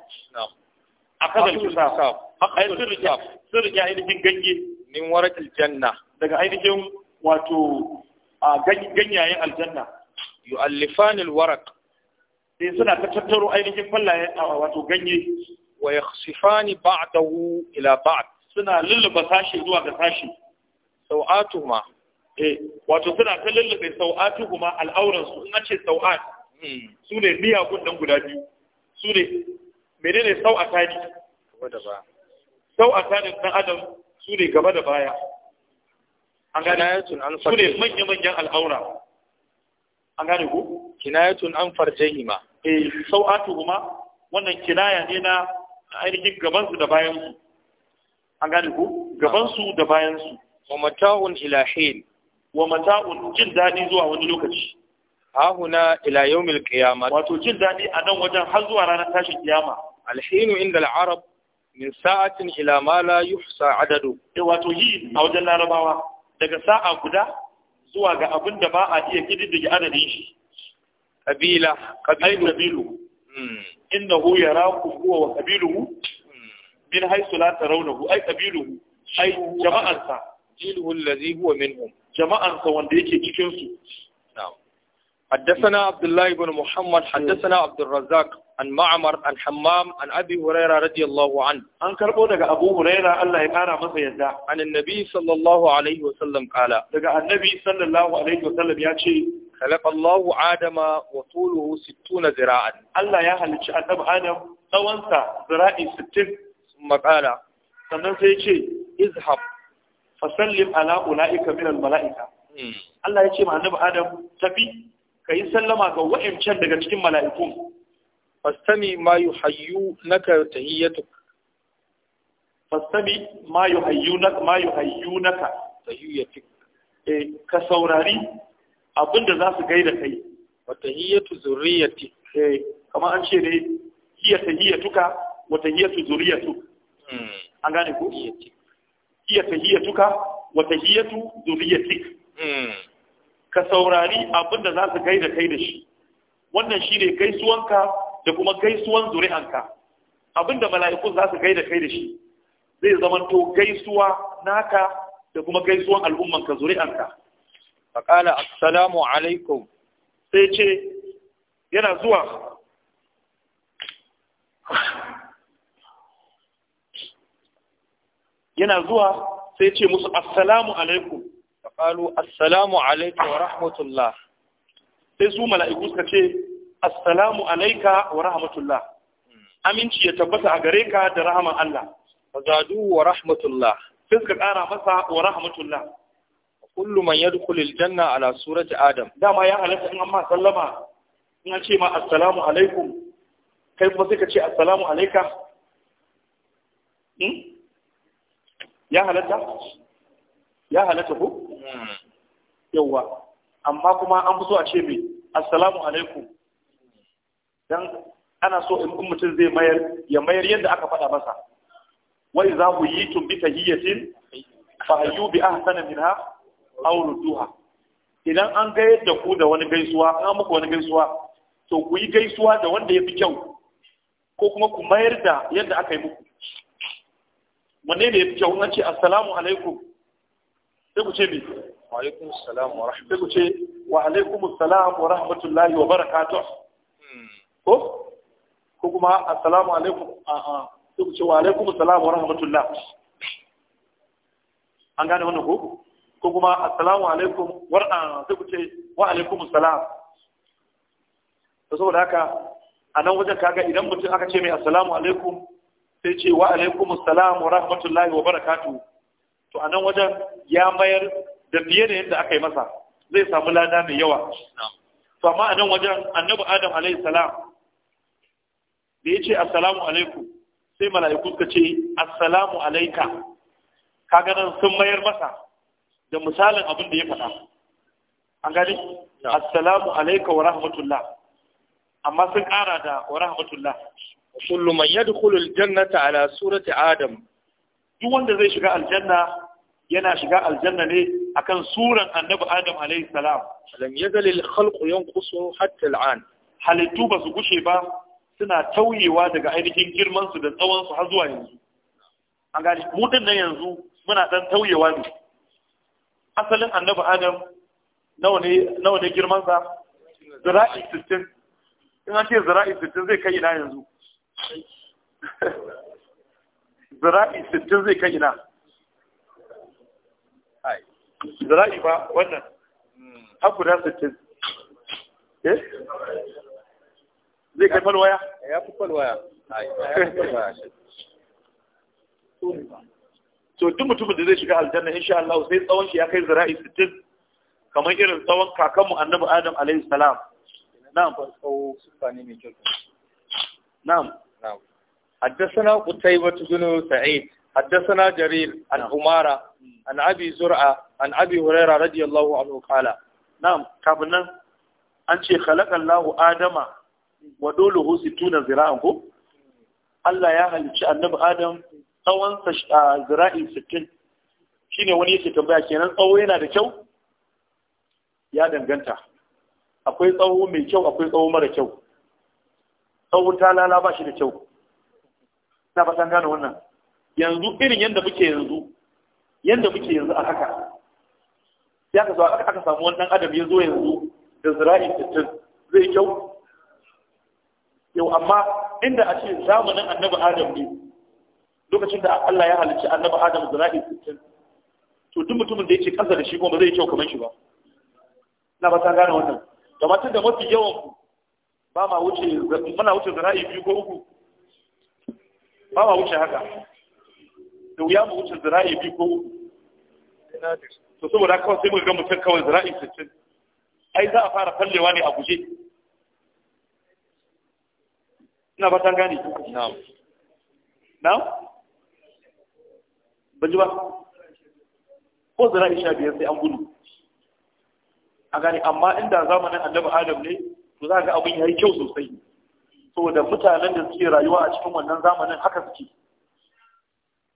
akhadha al-kisaf haqqan sirja sirja ainihin ganye min warakil janna daga ainihin wato a ganyayen aljanna yu'allifan al-waraq sai suna ta tattaro ainihin fallaye wato ganye wa yakhsifani ba'dahu ila ba'd suna lulluba sashi zuwa ga sashi sau'atuhuma eh wato suna ta lullube sau'atuhuma al'auran su in ce sau'at su ne miyagun dan guda biyu su ne menene sau a tani sau a tani dan adam su ne gaba da baya an gane su ne manya-manyan al'aura an gane ku kinayatun an farjahima eh sau'atuhuma wannan kinaya ne na ainihin gabansu da bayansu an gane ku gabansu da bayansu wa mata'un ilahin wa mata'un jin daɗi zuwa wani lokaci hahuna ila yawmil qiyamah wato jin dadi a nan wajen har zuwa ranar tashin kiyama alhinu inda al-arab min sa'atin ila ma la yuhsa adadu eh wato yi a wajen larabawa daga sa'a guda zuwa ga abin da ba a iya kididdige adadin shi kabila kabilu kabilu hmm. innahu yarakum huwa wa kabiluhu hmm. min haythu la tarawnahu ay kabiluhu ay jama'ansa kabiluhu allazi huwa minhum jama'ansa wanda yake cikin su حدثنا عبد الله بن محمد حدثنا عبد الرزاق عن معمر عن حمام عن أبي هريرة رضي الله عنه عن كربو دقى أبو هريرة الله يقارى مصيدا عن النبي صلى الله عليه وسلم قال دقى النبي صلى الله عليه وسلم يأتي خلق الله آدم وطوله ستون ذراعا الله يا هل أدم آدم طوانسا ذراعي ستين ثم قال sannan sai ce izhab fasallim ala ulaika min al malaika Allah ya ce ma annabi Adam tafi ka yi sallama ga wa'ancan daga cikin mala'ikun fastami ma yuhayyu naka tuk. fastami ma yuhayyu naka ma yuhayyu naka tuk. eh ka saurari abinda za su gaida kai wa tahiyatu zurriyati E, kamar an ce ne hiya tu wa tahiyatu tuk. Hmm. an gane ku hiya tu wa tahiyatu tuk. ka saurari abin da za su kai da kai da shi wannan shi ne gaisuwanka da kuma gaisuwan zuri'anka abin da mala'ikun za su kai da kai da shi zai zama to gaisuwa naka da kuma gaisuwan al'ummanka zuri'anka faƙala assalamu alaikum sai ce yana zuwa yana zuwa sai ce musu assalamu alaikum faƙalu assalamu alaika wa rahmatullah sai su mala'iku suka ce assalamu alaika wa rahmatullah aminci ya tabbata a gare ka da rahaman Allah fazadu wa rahmatullah sai suka ƙara masa wa rahmatullah kullu man yadkhulu aljanna ala surati adam dama ya halatta in amma sallama in ce ma assalamu alaikum kai kuma sai ka ce assalamu alaika hmm? ya halatta ya halatta ku? yawa amma kuma an fi so a ce mai assalamu alaikum dan ana so in mutum zai mayar ya mayar yadda aka faɗa masa wai za ku yi tun bi tahiyyatin fa hayu bi ahsana minha aw duha. idan an gayar da ku da wani gaisuwa an muku wani gaisuwa to ku yi gaisuwa da wanda ya fi kyau ko kuma ku mayar da yadda aka yi muku wanne ne ya fi kyau an ce assalamu alaikum sai ku ce me wa alaikum salam wa rahmatullahi ku ce wa alaikum salam wa rahmatullahi wa barakatuh hmm. ko ko kuma assalamu alaikum a a sai ku ce wa alaikum salam wa rahmatullahi an gane wannan ko ko kuma assalamu alaikum wa sai ku ce wa alaikum salam to saboda haka a nan wajen kaga idan mutum aka ce mai assalamu alaikum sai ce wa alaikum assalam wa rahmatullahi wa barakatuh to a nan wajen ya mayar da fiye da yadda aka yi masa zai samu lada mai yawa to amma a nan wajen annabi adam alaihi salam da ya ce assalamu alaikum sai mala'iku suka ce assalamu alaika kaga nan sun mayar masa da misalin abin da ya faɗa an gani assalamu alaika wa rahmatullah amma sun ƙara da wa rahmatullah kullu man yadkhulu aljannata ala surati adam duk wanda zai shiga aljanna yana shiga aljanna ne akan suran annabi adam alayhi salam lam yazal al khalq yanqusu hatta al an halittu ba su gushe ba suna tauyewa daga ainihin girman su da tsawon su har zuwa yanzu an gani mu din nan yanzu muna dan tauyewa ne asalin annabi adam nawa ne nawa ne girman sa zara'i 60 in an ce zara'i 60 zai kai ina yanzu zara'i 60 zai kai ina zira'i ba wannan har guda sitin eh zai kai falwaya ya fi falwaya so duk mutumin da zai shiga aljanna insha Allah sai tsawon shi ya kai zira'i sittin kamar irin tsawon kakanmu annabi Adam alaihi salam na'am tsawo sufa ne mai kyau na'am na'am حدثنا قتيبة بن سعيد حدثنا جرير عن عمارة an abi zur'a an abi huraira radiyallahu anhu kala na'am kafin nan an ce khalaqallahu adama wa duluhu 60 zira'an ko Allah ya halicci annabi adam tsawon zira'i 60 shine wani yake tambaya kenan tsawo yana da kyau ya danganta akwai tsawo mai kyau akwai tsawo mara kyau tsawon lala ba shi da kyau na fatan gane wannan yanzu irin yadda muke yanzu yadda muke yanzu a haka ya ka zuwa aka samu wannan adam ya zo yanzu da zira'in sittin zai kyau yau amma inda a ce zamanin annabi adam ne lokacin da Allah ya halicci annabi adam zira'in sittin to duk mutumin da ya ce kansa da shi kuma ba zai kyau kamar shi ba na ba ta gane wannan da matan da mafi yawan ku ba ma wuce muna wuce zira'i biyu ko uku ba ma wuce haka da wuya mu wuce zira'i biyu ko uku to saboda haka sai muka ga mutum kawai zira'i sittin ai za a fara fallewa ne a guje ina ba gane na'am na'am ban ji ba ko zira'i sha biyar sai an gudu a gane amma inda zamanin annabi adam ne to za ga abin ya yi kyau sosai saboda mutanen da suke rayuwa a cikin wannan zamanin haka suke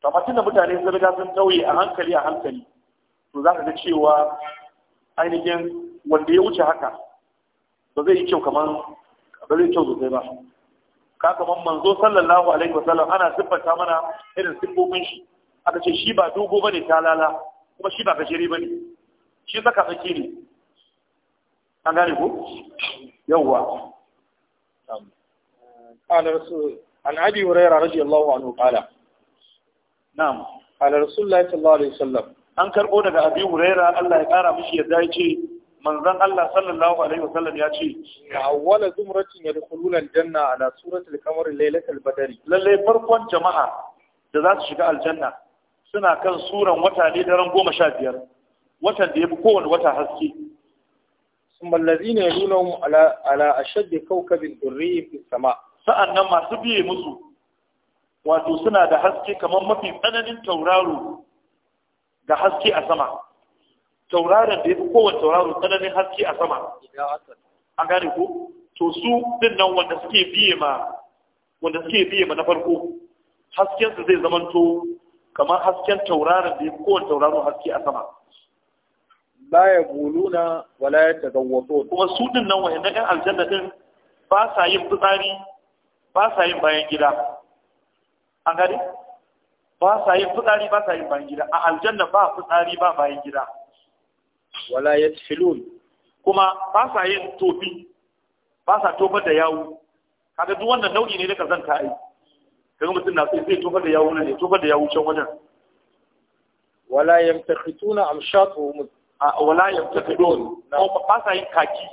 tamatin da mutane sun riga sun tauye a hankali a hankali to za ka ga cewa ainihin wanda ya wuce haka ba zai yi kyau kamar ba zai kyau sosai ba ka kamar manzo sallallahu alaihi wasallam ana siffanta mana irin siffofin shi aka ce shi ba dogo ne ta lala kuma shi ba ba ne. shi saka tsaki ne an gane ko yawwa قال رسول عن ابي هريره رضي الله عنه قال na'am ala rasulullahi sallallahu alaihi wasallam an karbo daga abi huraira Allah ya kara mishi yadda ya ce manzon Allah sallallahu alaihi wasallam ya ce ka awwala zumratin yadkhuluna aljanna ala suratil qamar lailatul badri lalle farkon jama'a da za su shiga aljanna suna kan suran wata ne daren goma sha biyar watan da ya fi kowane wata haske ثم الذين يلونهم على على اشد كوكب الدري في السماء sa'annan masu biye musu wato suna da haske kamar mafi tsananin tauraro da haske a sama tauraron da ya fi kowane tauraro tsananin haske a sama an gane ko to su din nan wanda suke biye ma wanda suke biye ma na farko hasken su zai zamanto kamar hasken tauraron da ya fi kowane tauraro haske a sama la ya buluna wala ya tagawwato kuma su din nan wa'annan ɗan aljanna din ba sa yin fitsari ba sa yin bayan gida an gari ba sa yin fitsari ba sa yin bayan gida a aljanna ba fitsari ba bayan gida wala ya yatfilun kuma ba sa yin tofi ba sa tofar da yawo kaga duk wannan nau'i ne da kazanta ai kaga mutum na sai zai tofar da yawo ne tofar da yawo can wajen wala ya yamtakhituna amshatuhum wala ya yamtakhidun ko ba sa yin kaki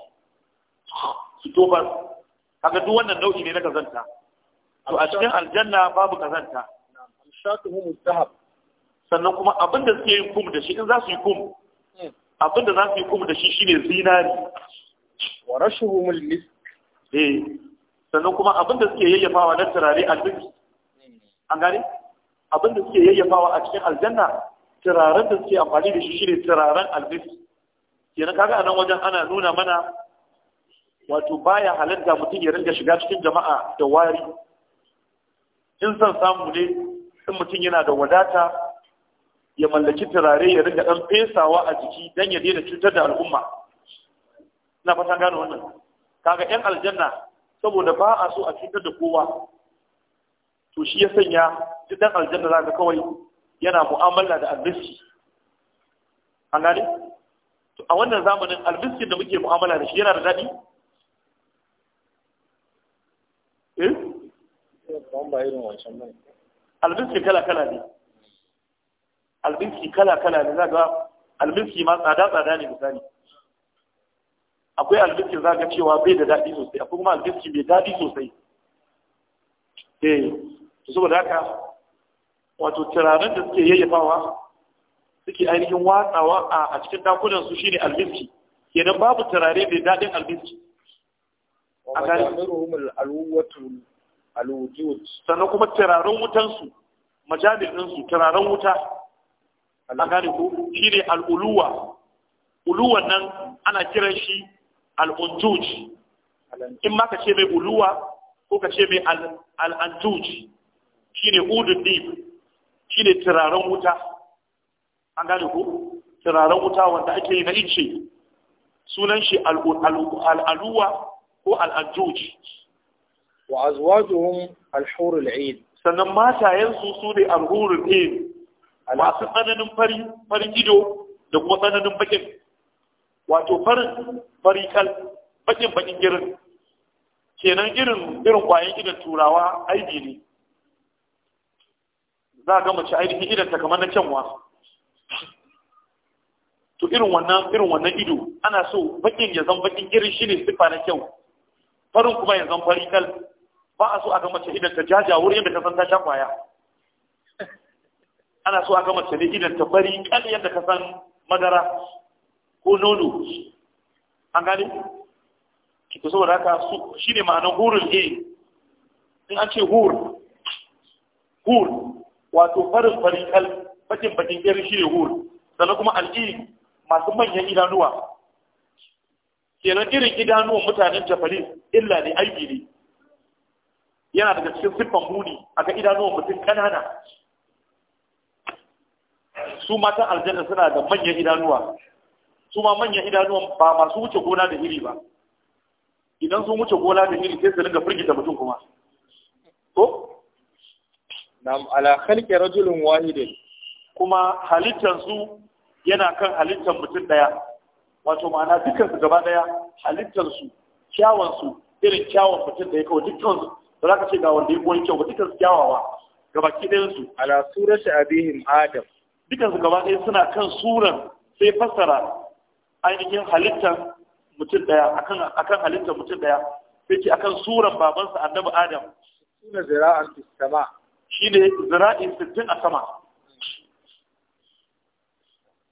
su tofar kaga duk wannan nau'i ne na kazanta to a cikin aljanna babu kazanta zahab sannan kuma abinda suke yin kum da shi in za su yi kum hmm. Abinda za su yi kum da shi shine zinari wa rashu al eh sannan kuma abinda suke yayyafawa na turare a misk an gane Abinda suke yayyafawa a cikin aljanna turaren da suke amfani da shi shine turaren albis Yana kenan kaga a nan wajen ana nuna mana wato baya halarta mutum ya ringa shiga cikin jama'a da wari in son samu ne in mutum yana da wadata ya mallaki turare ya riga dan fesawa a jiki dan ya daina cutar da al'umma ina fatan gano wannan kaga yan aljanna saboda ba a so a cutar da kowa to shi ya sanya cutar aljanna zaka kawai yana mu'amala da albiski an gane a wannan zamanin albiski da muke mu'amala da shi yana da daɗi kuma ba irin wancan ba almiski kala kala ne almiski kala kala ne zaga almiski ma tsada tsada ne misali akwai almiski zaga cewa bai da daɗi sosai akwai kuma almiski bai daɗi sosai eh to saboda haka wato turaren da suke yayyafawa suke ainihin watsawa a cikin dakunan su shine almiski kenan babu turare mai daɗin almiski a kare. alwujud sannan kuma wutan wutansu majalis su, turaren wuta Allah gane ko shi ne al'uluwa uluwan nan ana kiran shi al-untuj in ma ka ce mai uluwa ko ka ce mai al shi ne udun dib shi ne wuta an gane ko turaren wuta wanda ake yi na ice sunan shi al-uluwa ko al'antuj wa azwajuhum al-hurul ain sannan matayensu su ne al-hurul ain masu tsananin fari farin ido da kuma tsananin bakin wato farin farikal bakin bakin girin kenan irin irin kwayan idan turawa aibi ne za a ga mace ainihin idan ta kamar na kyanwa to irin wannan irin wannan ido ana so bakin ya zan bakin girin shi ne sifa na kyau farin kuma ya zan fari kal ba a so a mace idan ta jaja wurin yadda ka san ta sha kwaya ana so a mace ne idan ta bari kan yadda ka san madara ko nono an gane ki ku saboda haka su shine ma'anar hurul A. in an ce hur hur wato farin farin kal bakin bakin irin shine hur sannan kuma al'i masu manyan idanuwa kenan irin idanuwan mutanen jafari illa ne aiki ne yana daga cikin siffan muni a ga idanuwan mutum kanana su matan aljanna suna da manyan idanuwa su ma manyan idanuwan ba masu wuce gona da iri ba idan sun wuce gona da iri sai su ringa firgita mutum kuma to nam ala khalqi rajulun wahidin kuma halittar su yana kan halittar mutum daya wato ma'ana dukkan su gaba daya halittar su kyawun su irin kyawun mutum da ya kawo dukkan su ba za ka ce ga wanda ya wani kyau ba dukkan su kyawawa gabaki ɗayan su ala surar shi abihim adam dukkan su gaba ɗaya suna kan suran sai fassara ainihin halittar mutum ɗaya akan akan halittar mutum ɗaya sai ce akan suran babansa annabi adam suna zira'an sama shine zira'in sittin a sama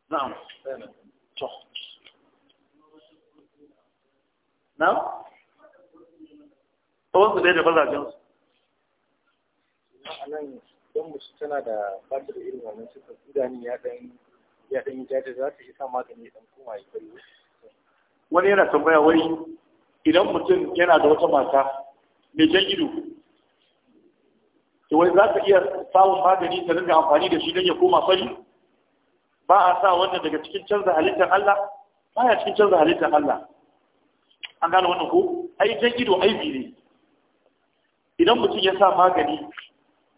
na'am to na'am tsawon su ɗaya da mazajen su anan don musu tana da fata da irin wannan suka gudani ya dan ya dan jaje za ta sa magani ya dan koma ya bari wani yana tambaya wai idan mutum yana da wata mata mai jan ido to wai za ka iya samun magani ta rinka amfani da shi don ya koma fari ba a sa wannan daga cikin canza halittar Allah ba ya cikin canza halittar Allah an gane wannan ko ai jan ido aibi ne idan mutum ya sa magani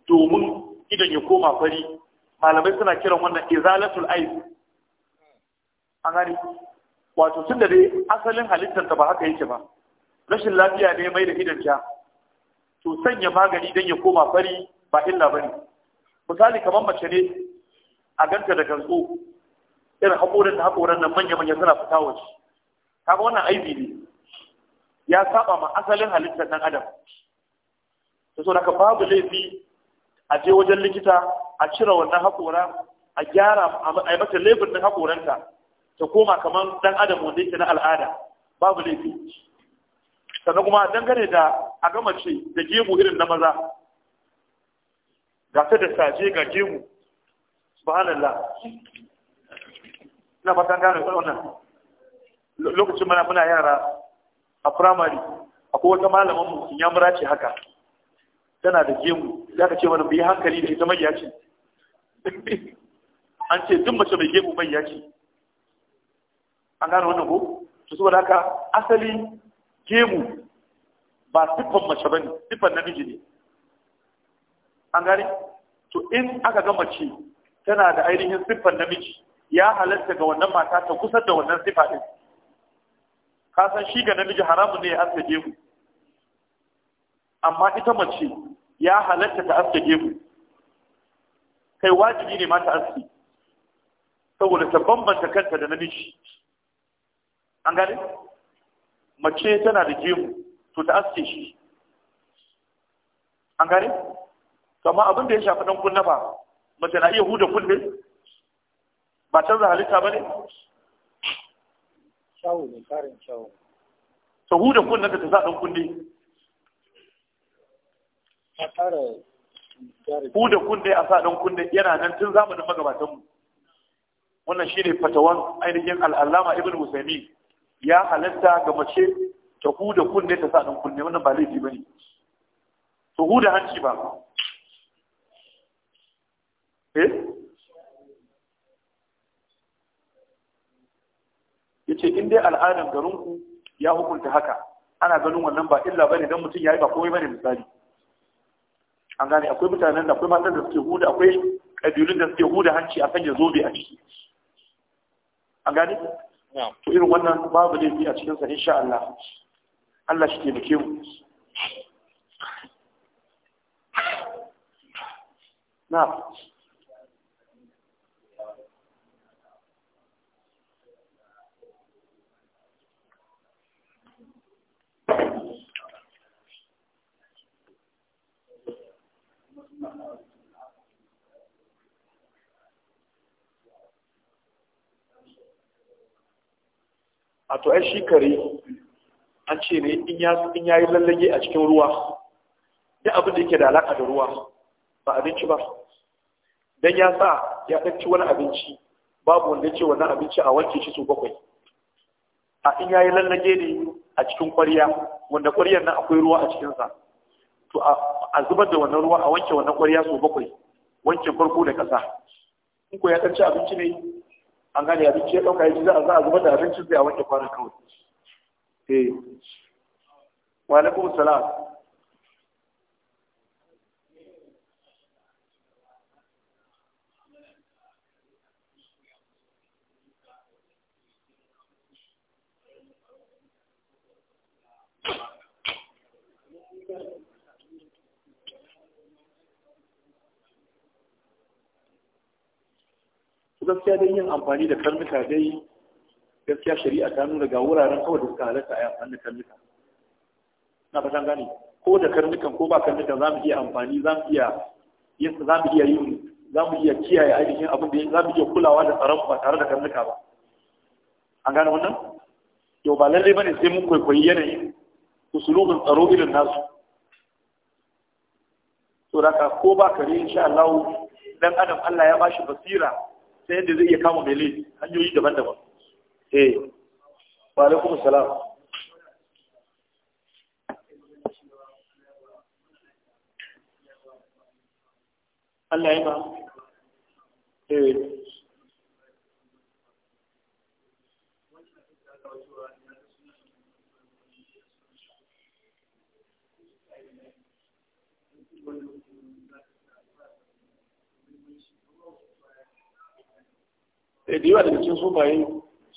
domin idan ya koma fari malamai suna kiran wannan izalatul aib an gani wato tun da dai asalin halittar ta ba haka yake ba rashin lafiya ne mai da idan ja to sanya magani don ya koma fari ba illa bane misali kamar mace ne a ganta da gantsu irin hakoran da hakoran nan manya-manya suna fita waje kaga wannan aibi ne ya saba ma asalin halittar dan adam da so daga babu laifi a je wajen likita a cire wannan haƙora a gyara a yi mata laifin ɗin haƙoranta ta koma kamar dan adam wanda yake na al'ada babu laifi sannan kuma dangane da a gama ce da gemu irin na maza ga ta da saje ga gemu subhanallah ina fatan gane wannan lokacin mana muna yara a firamare akwai wata malaman mu ya mura ce haka tana da gemu za ka ce mana bai hankali da ita magiya ce an ce duk mace mai gemu magiya ce an gane wannan ko to saboda haka asali gemu ba siffan mace ba ne, siffan namiji ne an gane to in aka ga mace tana da ainihin siffan namiji ya halatta ga wannan mata ta kusa da wannan siffa ɗin ka san shi ga namiji haramun ne ya aske gemu amma ita mace ya halatta ta aske gefe kai wajibi ne mata aski. aske saboda ta bambanta kanta da namiji an gane mace tana da gemu to ta aske shi an gane Kamar abin da ya shafi dan kunna ba mace na iya huda kunne ba canza halitta ba ne shawo ne karin shawo ta huda kunnen da ta sa dan kunne ku da kun dai a sa ɗan kun yana nan tun zamanin magabatanmu wannan shi ne fatawan ainihin al'allama ibn husaini ya halatta ga mace ta ku da kun ta sa ɗan kunne wannan ba laifi ba ne Ta hu da hanci ba eh? Ya ce in dai al'adar garinku ya hukunta haka ana ganin wannan ba illa bane don mutum ya yi ba komai bane misali an gane akwai mutanen da akwai matan da suke huda akwai ƙabilun da suke huda hanci a sanya zobe a ciki an gane to irin wannan babu laifi a cikinsa insha Allah Allah shi taimake mu na a to ai shi kare an ce ne in ya in yayi lallage a cikin ruwa da abin da yake da alaka da ruwa ba abinci ba dan ya sa ya ɗauki wani abinci babu wanda ce wannan abinci a wanke shi su bakwai a in yi lallage ne a cikin ƙwarya wanda ƙwaryar nan akwai ruwa a cikinsa to a zubar da wannan ruwa a wanke wannan ƙwarya su bakwai wanke farko da ƙasa in ko ya ɗanci abinci ne an gane abinci ya ɗauka yaji za a zuba da abincin sai a wanke kwanan kawai eh wa alaikum salam gaskiya dai yin amfani da karnuka dai gaskiya shari'a ta nuna ga wuraren kawai da suka halatta a yi amfani da karnuka na fatan gane ko da karnukan ko ba karnukan za mu iya amfani za mu iya yin za mu iya yin za mu iya kiyaye ainihin abin da za mu iya kulawa da tsaron ba tare da karnuka ba an gane wannan yau ba lallai bane sai mun kwaikwayi yanayin usulubin tsaro irin nasu to da ko ba kare insha Allah dan adam Allah ya bashi basira ta yadda zai iya kama mele hanyoyi daban-daban eh wa kuma salam Allah ya ba eh Eh, da yawa daga cikin sufaye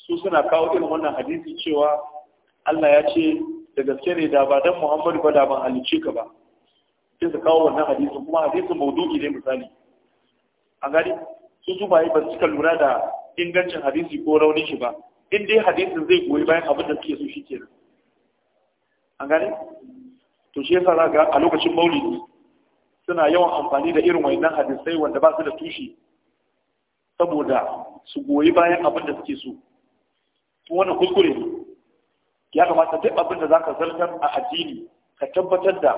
su suna kawo irin wannan hadisi cewa Allah ya ce da gaske ne da ba dan Muhammadu ba da ban halice ka ba sai su kawo wannan hadisi kuma hadisin maudu'i ne misali a gani su sufaye ba su cika lura da ingancin hadisi ko raunin shi ba in dai hadisin zai goyi bayan abin da suke so shi ke A gani to shi yasa ga a lokacin maulidi suna yawan amfani da irin wayannan hadisai wanda ba su da tushe saboda su goyi bayan abin da suke so to wannan kuskure ne ya kamata duk abin da za ka zartar a addini ka tabbatar da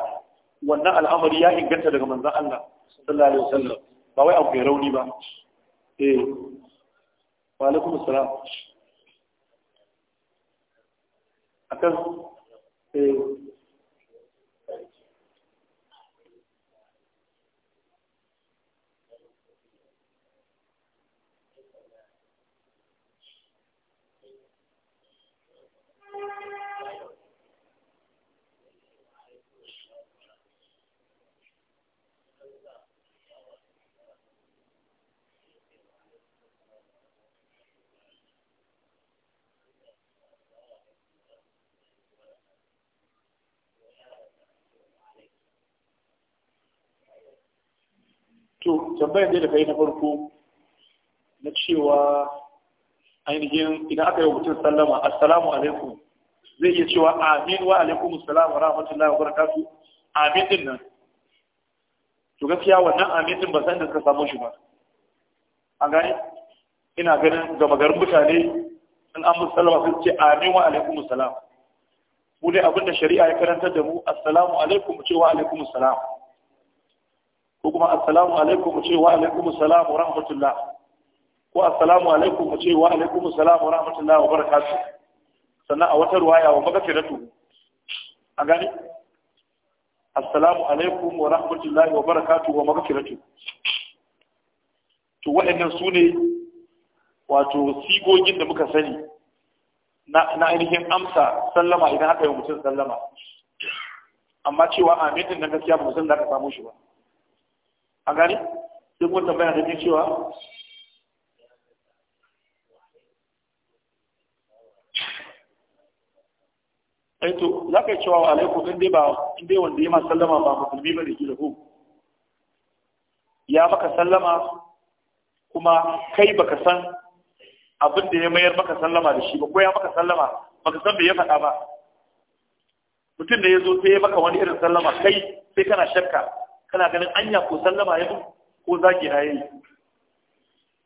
wannan al'amari ya inganta daga manzan Allah sallallahu alaihi wasallam ba wai abu rauni ba eh wa alaikum assalam akan eh to tambayar da kai na farko na cewa ainihin idan aka yi mutum sallama assalamu alaikum zai iya cewa amin wa alaikum assalam wa rahmatullahi wa barakatu amin din nan to gaskiya wannan amin din ba san da suka samu shi ba an gane ina ganin gama garin mutane in an Sallama, sun ce amin wa alaikum assalam mu dai abinda shari'a ya karantar da mu assalamu alaikum cewa alaikum assalam ko kuma assalamu alaikum ce wa alaikum assalam wa rahmatullah ko assalamu alaikum ce wa alaikum assalam wa rahmatullah wa barakatuh sannan a wata ruwaya wa to a gani assalamu alaikum wa rahmatullah wa barakatuh wa da to waɗannan su ne wato sigogin da muka sani na ainihin amsa sallama idan aka yi mutum sallama amma cewa amin din nan gaskiya ba mu san da aka samu shi ba a gani sai kun tambaya da cewa ai eh to za ka yi cewa wa alaiku in dai ba in dai wanda ya ma sallama ba musulmi ba da gida ya maka sallama kuma kai baka san abin da ya mayar maka sallama da shi ba ko ya maka sallama baka san bai ya faɗa ba mutum da ya zo sai ya maka wani irin sallama kai sai kana shakka kana ganin anya ko sallama ya ko zaki na yayi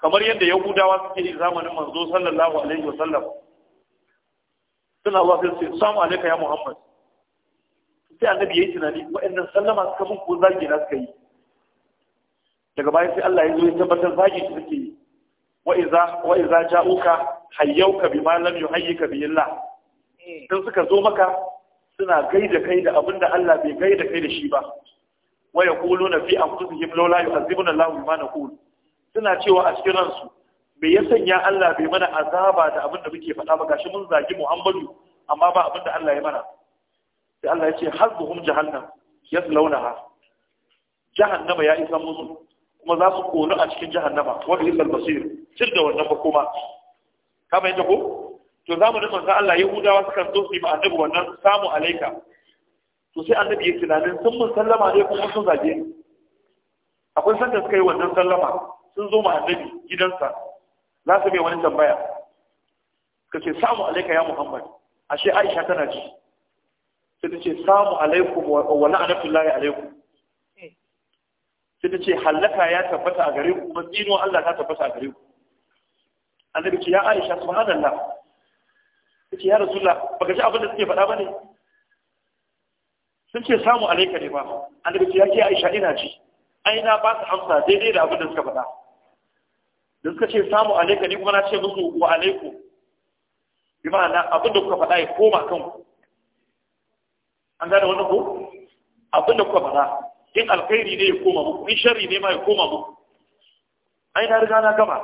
kamar yadda yahudawa suke yi zamanin manzo sallallahu alaihi wasallam suna zuwa sai su samu alaika ya muhammad sai annabi yayi tunani wa'annan sallama suka mun ko zaki na suka yi daga bayan sai Allah ya zo ya tabbatar zaki su suke yi wa iza wa iza ja'uka hayyuka bima lam yuhayyika bi Allah eh. suka zo maka suna gaida kai da abinda Allah bai gaida kai da shi ba wa yaquluna fi anfusihim laula yu'azibuna ma bima naqul suna cewa a cikin ransu me ya sanya Allah bai mana azaba da abin da muke faɗa ba gashi mun zagi Muhammadu amma ba abin da Allah ya mana sai Allah ya ce hazbuhum jahannam yaslaunaha jahannama ya isa musu kuma za su konu a cikin jahannama wa bi ilal basir cin da wannan ba kuma ka ta ko to za mu nufansa Allah Yahudawa suka zo su yi ma annabi wannan samu alaika to sai annabi ya tunanin sun mun sallama ne kuma sun zage ni akwai da suka yi wannan sallama sun zo ma annabi gidansa za su bai wani tambaya suka ce samu alaika ya muhammad ashe aisha tana ji sai ta ce samu alaikum wa la'anatullahi alaikum eh. sai ta ce hallaka ya tabbata a gare ku kuma Allah ta tabbata a gare ku annabi ce ya aisha subhanallah ta ce ya rasulullah baka ji abin da suke faɗa ba ne sun ce samu alaika ne ba annabi ce aisha ina ji ai na ba su amsa daidai da abin da suka faɗa da suka ce samu alaika ne kuma na ce musu wa alaiku bi ma'ana abin da kuka faɗa ya koma kanku an gane wannan ko abin da kuka faɗa in alkhairi ne ya koma muku in sharri ne ma ya koma muku ai na riga na gama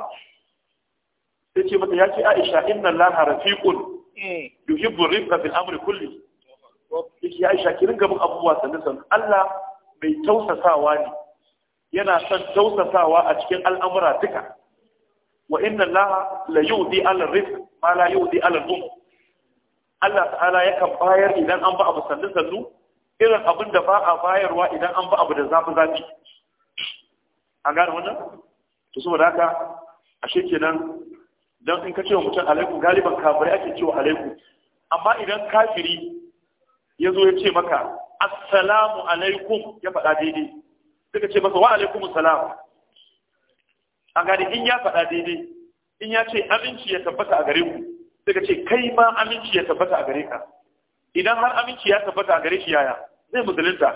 sai ce mata ya ce aisha inna allaha rafiqun eh. yuhibbu rifqa fil amri kulli yake ya aisha ki ringa bin abubuwa sannan sannan Allah mai tausasawa ne yana son tausasawa a cikin al'amura duka wa inna Allah la yudi ala rizq ma la yudi ala dum Allah ta'ala yakan bayar idan an ba abu sannan sannu irin abin da ba a bayarwa idan an ba abu da zafi zafi an gane wannan to saboda haka ashe kenan dan in ka ce wa mutum alaikum galiban kafirai ake cewa alaikum amma idan kafiri ya zo ya ce maka assalamu alaikum ya faɗa daidai suka ce maka, wa alaikum salam a gani in ya faɗa daidai in ya ce aminci ya tabbata a gare ku suka ce kai ma aminci ya tabbata a gare ka idan har aminci ya tabbata a gare shi yaya zai musulunta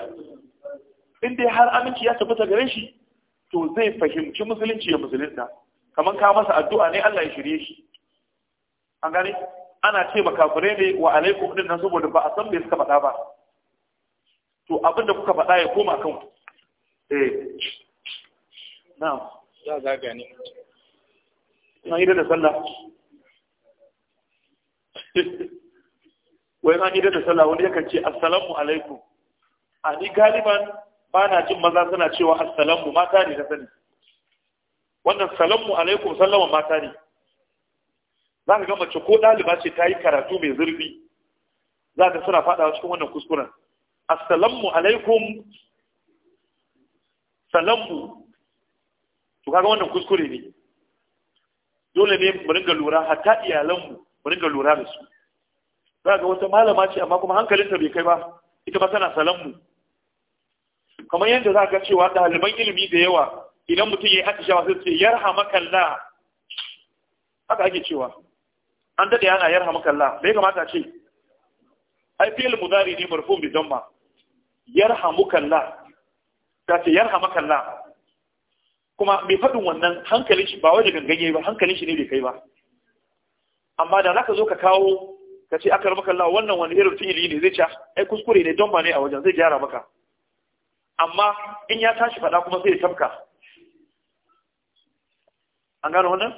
in dai har aminci ya tabbata gare shi to zai fahimci musulunci ya musulunta kamar ka masa addu'a ne Allah ya shirye shi an gane ana ce kafirai ne wa alaikum din nan saboda ba a san me suka faɗa ba to abin da kuka faɗa ya koma kan ku eh na'am za ga gani na ida da sallah wai na ida da sallah wani yakan ce assalamu alaikum a ni galiban ba na jin maza suna cewa assalamu mata ne na sani wannan salamu alaikum sallama mata ne za ka ga mace ko ɗaliba ce ta yi karatu mai zurfi za ka suna faɗawa cikin wannan kuskuren assalamu alaikum salamu to kaga wannan kuskure ne dole ne mu ringa lura hatta iyalanmu mu ringa lura da su za ga wata malama ce amma kuma hankalinta bai kai ba ita ba tana salamu kamar yadda za ga cewa ɗaliban ilimi da yawa idan mutum ya yi hatishawa sai ce yarhamakallah haka ake cewa an daɗe ana yar hamukallah bai kamata ce ai fi'il mudari ne marfu bi damma yar hamukallah ta ce yar hamukallah kuma mai faɗin wannan hankalin shi ba wai ganganye ba hankalin shi ne bai kai ba amma da zaka zo ka kawo ka ce aka maka Allah wannan wani irin fi'ili ne zai ce ai kuskure ne don ba ne a wajen zai gyara maka amma in ya tashi faɗa kuma sai ya tabka an gano wannan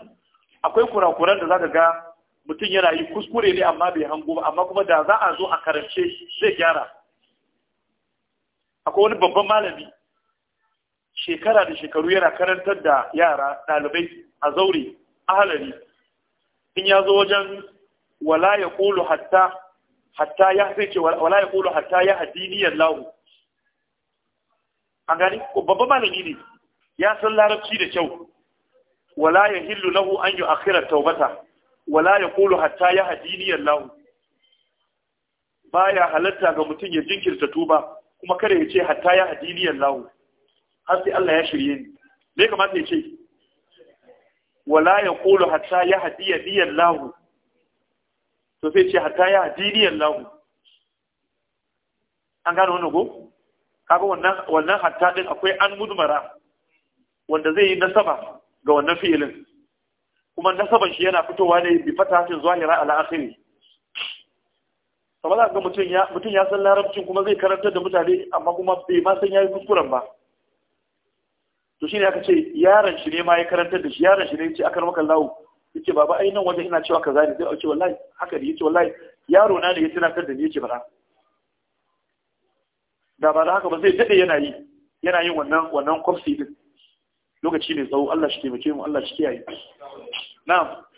akwai kurakuran da zaka ga mutum yana yi kuskure ne amma bai hango ba amma kuma da za a zo a karance zai gyara akwai wani babban malami shekara da shekaru yana karantar da yara ɗalibai a zaure ahalari in ya zo wajen wala ya kulu hatta hatta ya sai ce ya hatta ya lahu an gani babban malami ne ya san larabci da kyau wala ya hillu lahu an yi akhirar taubata wala ya yaqulu hatta yahdini Allah baya halatta ga mutum ya jinkirta tuba kuma kada ya ce hatta ya hadini Allah har sai Allah ya shirye ni me kamata ya ce wala yaqulu hatta ya hadiyani Allah to sai ce hatta ya hadini Allah an gano wannan ko kaga wannan wannan hatta din akwai an mudmara wanda zai yi nasaba ga wannan fi'ilin kuma nasaban shi yana fitowa ne bi fatahin zahira ala akhiri kamar ga mutum ya mutum ya san larabcin kuma zai karantar da mutane amma kuma bai ma san yayi kuskuren ba to shine aka ce yaron shi ne ma ya karantar da shi yaron shi ne ya ce akar maka lawo yace baba ai nan wajen ina cewa kaza ne sai a ce wallahi haka ne yace wallahi yaro na ne ya tunatar da ni yace bara da ba da haka ba zai dade yana yi yana yin wannan wannan kwafsi din lokaci ne tsawo Allah shi taimake mu Allah shi kiyaye na'am eh.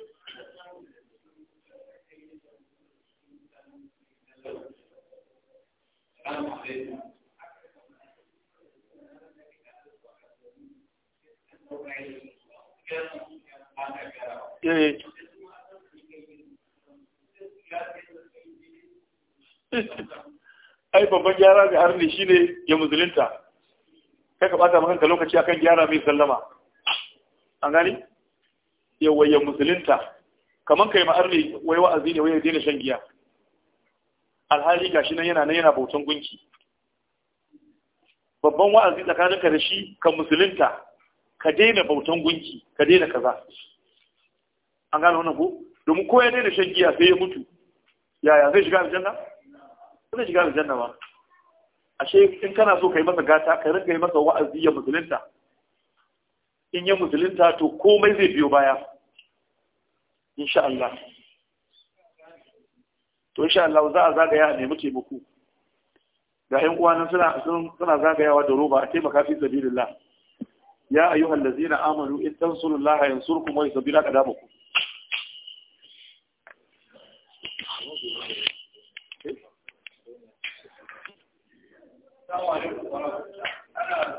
ai babban gyara ga harni shine ya musulunta kai ka bata maka lokaci akan gyara mai sallama an gani yawaye musulinta, musulunta kamar kai ma arne wai wa'azi ne wai ya daina shan giya alhali gashi nan yana nan yana bautan gunki babban wa'azi tsakaninka da shi ka musulunta ka daina bautan gunki ka daina kaza an gano wannan ko domin ko ya daina shan giya sai ya mutu yaya zai shiga aljanna zai shiga aljanna ba ashe in kana so kai masa gata ka rinka yi masa wa'azi ya musulunta in ya musulunta to komai zai biyo baya insha Allah to insha Allah za a zagaya a nemi taimako ga ƴan nan suna suna zagayawa da roba a taimaka fi sabilillah ya ayyuhal ladzina amanu in tansurullaha yansurkum wa yusabbit aqdamakum Assalamu alaikum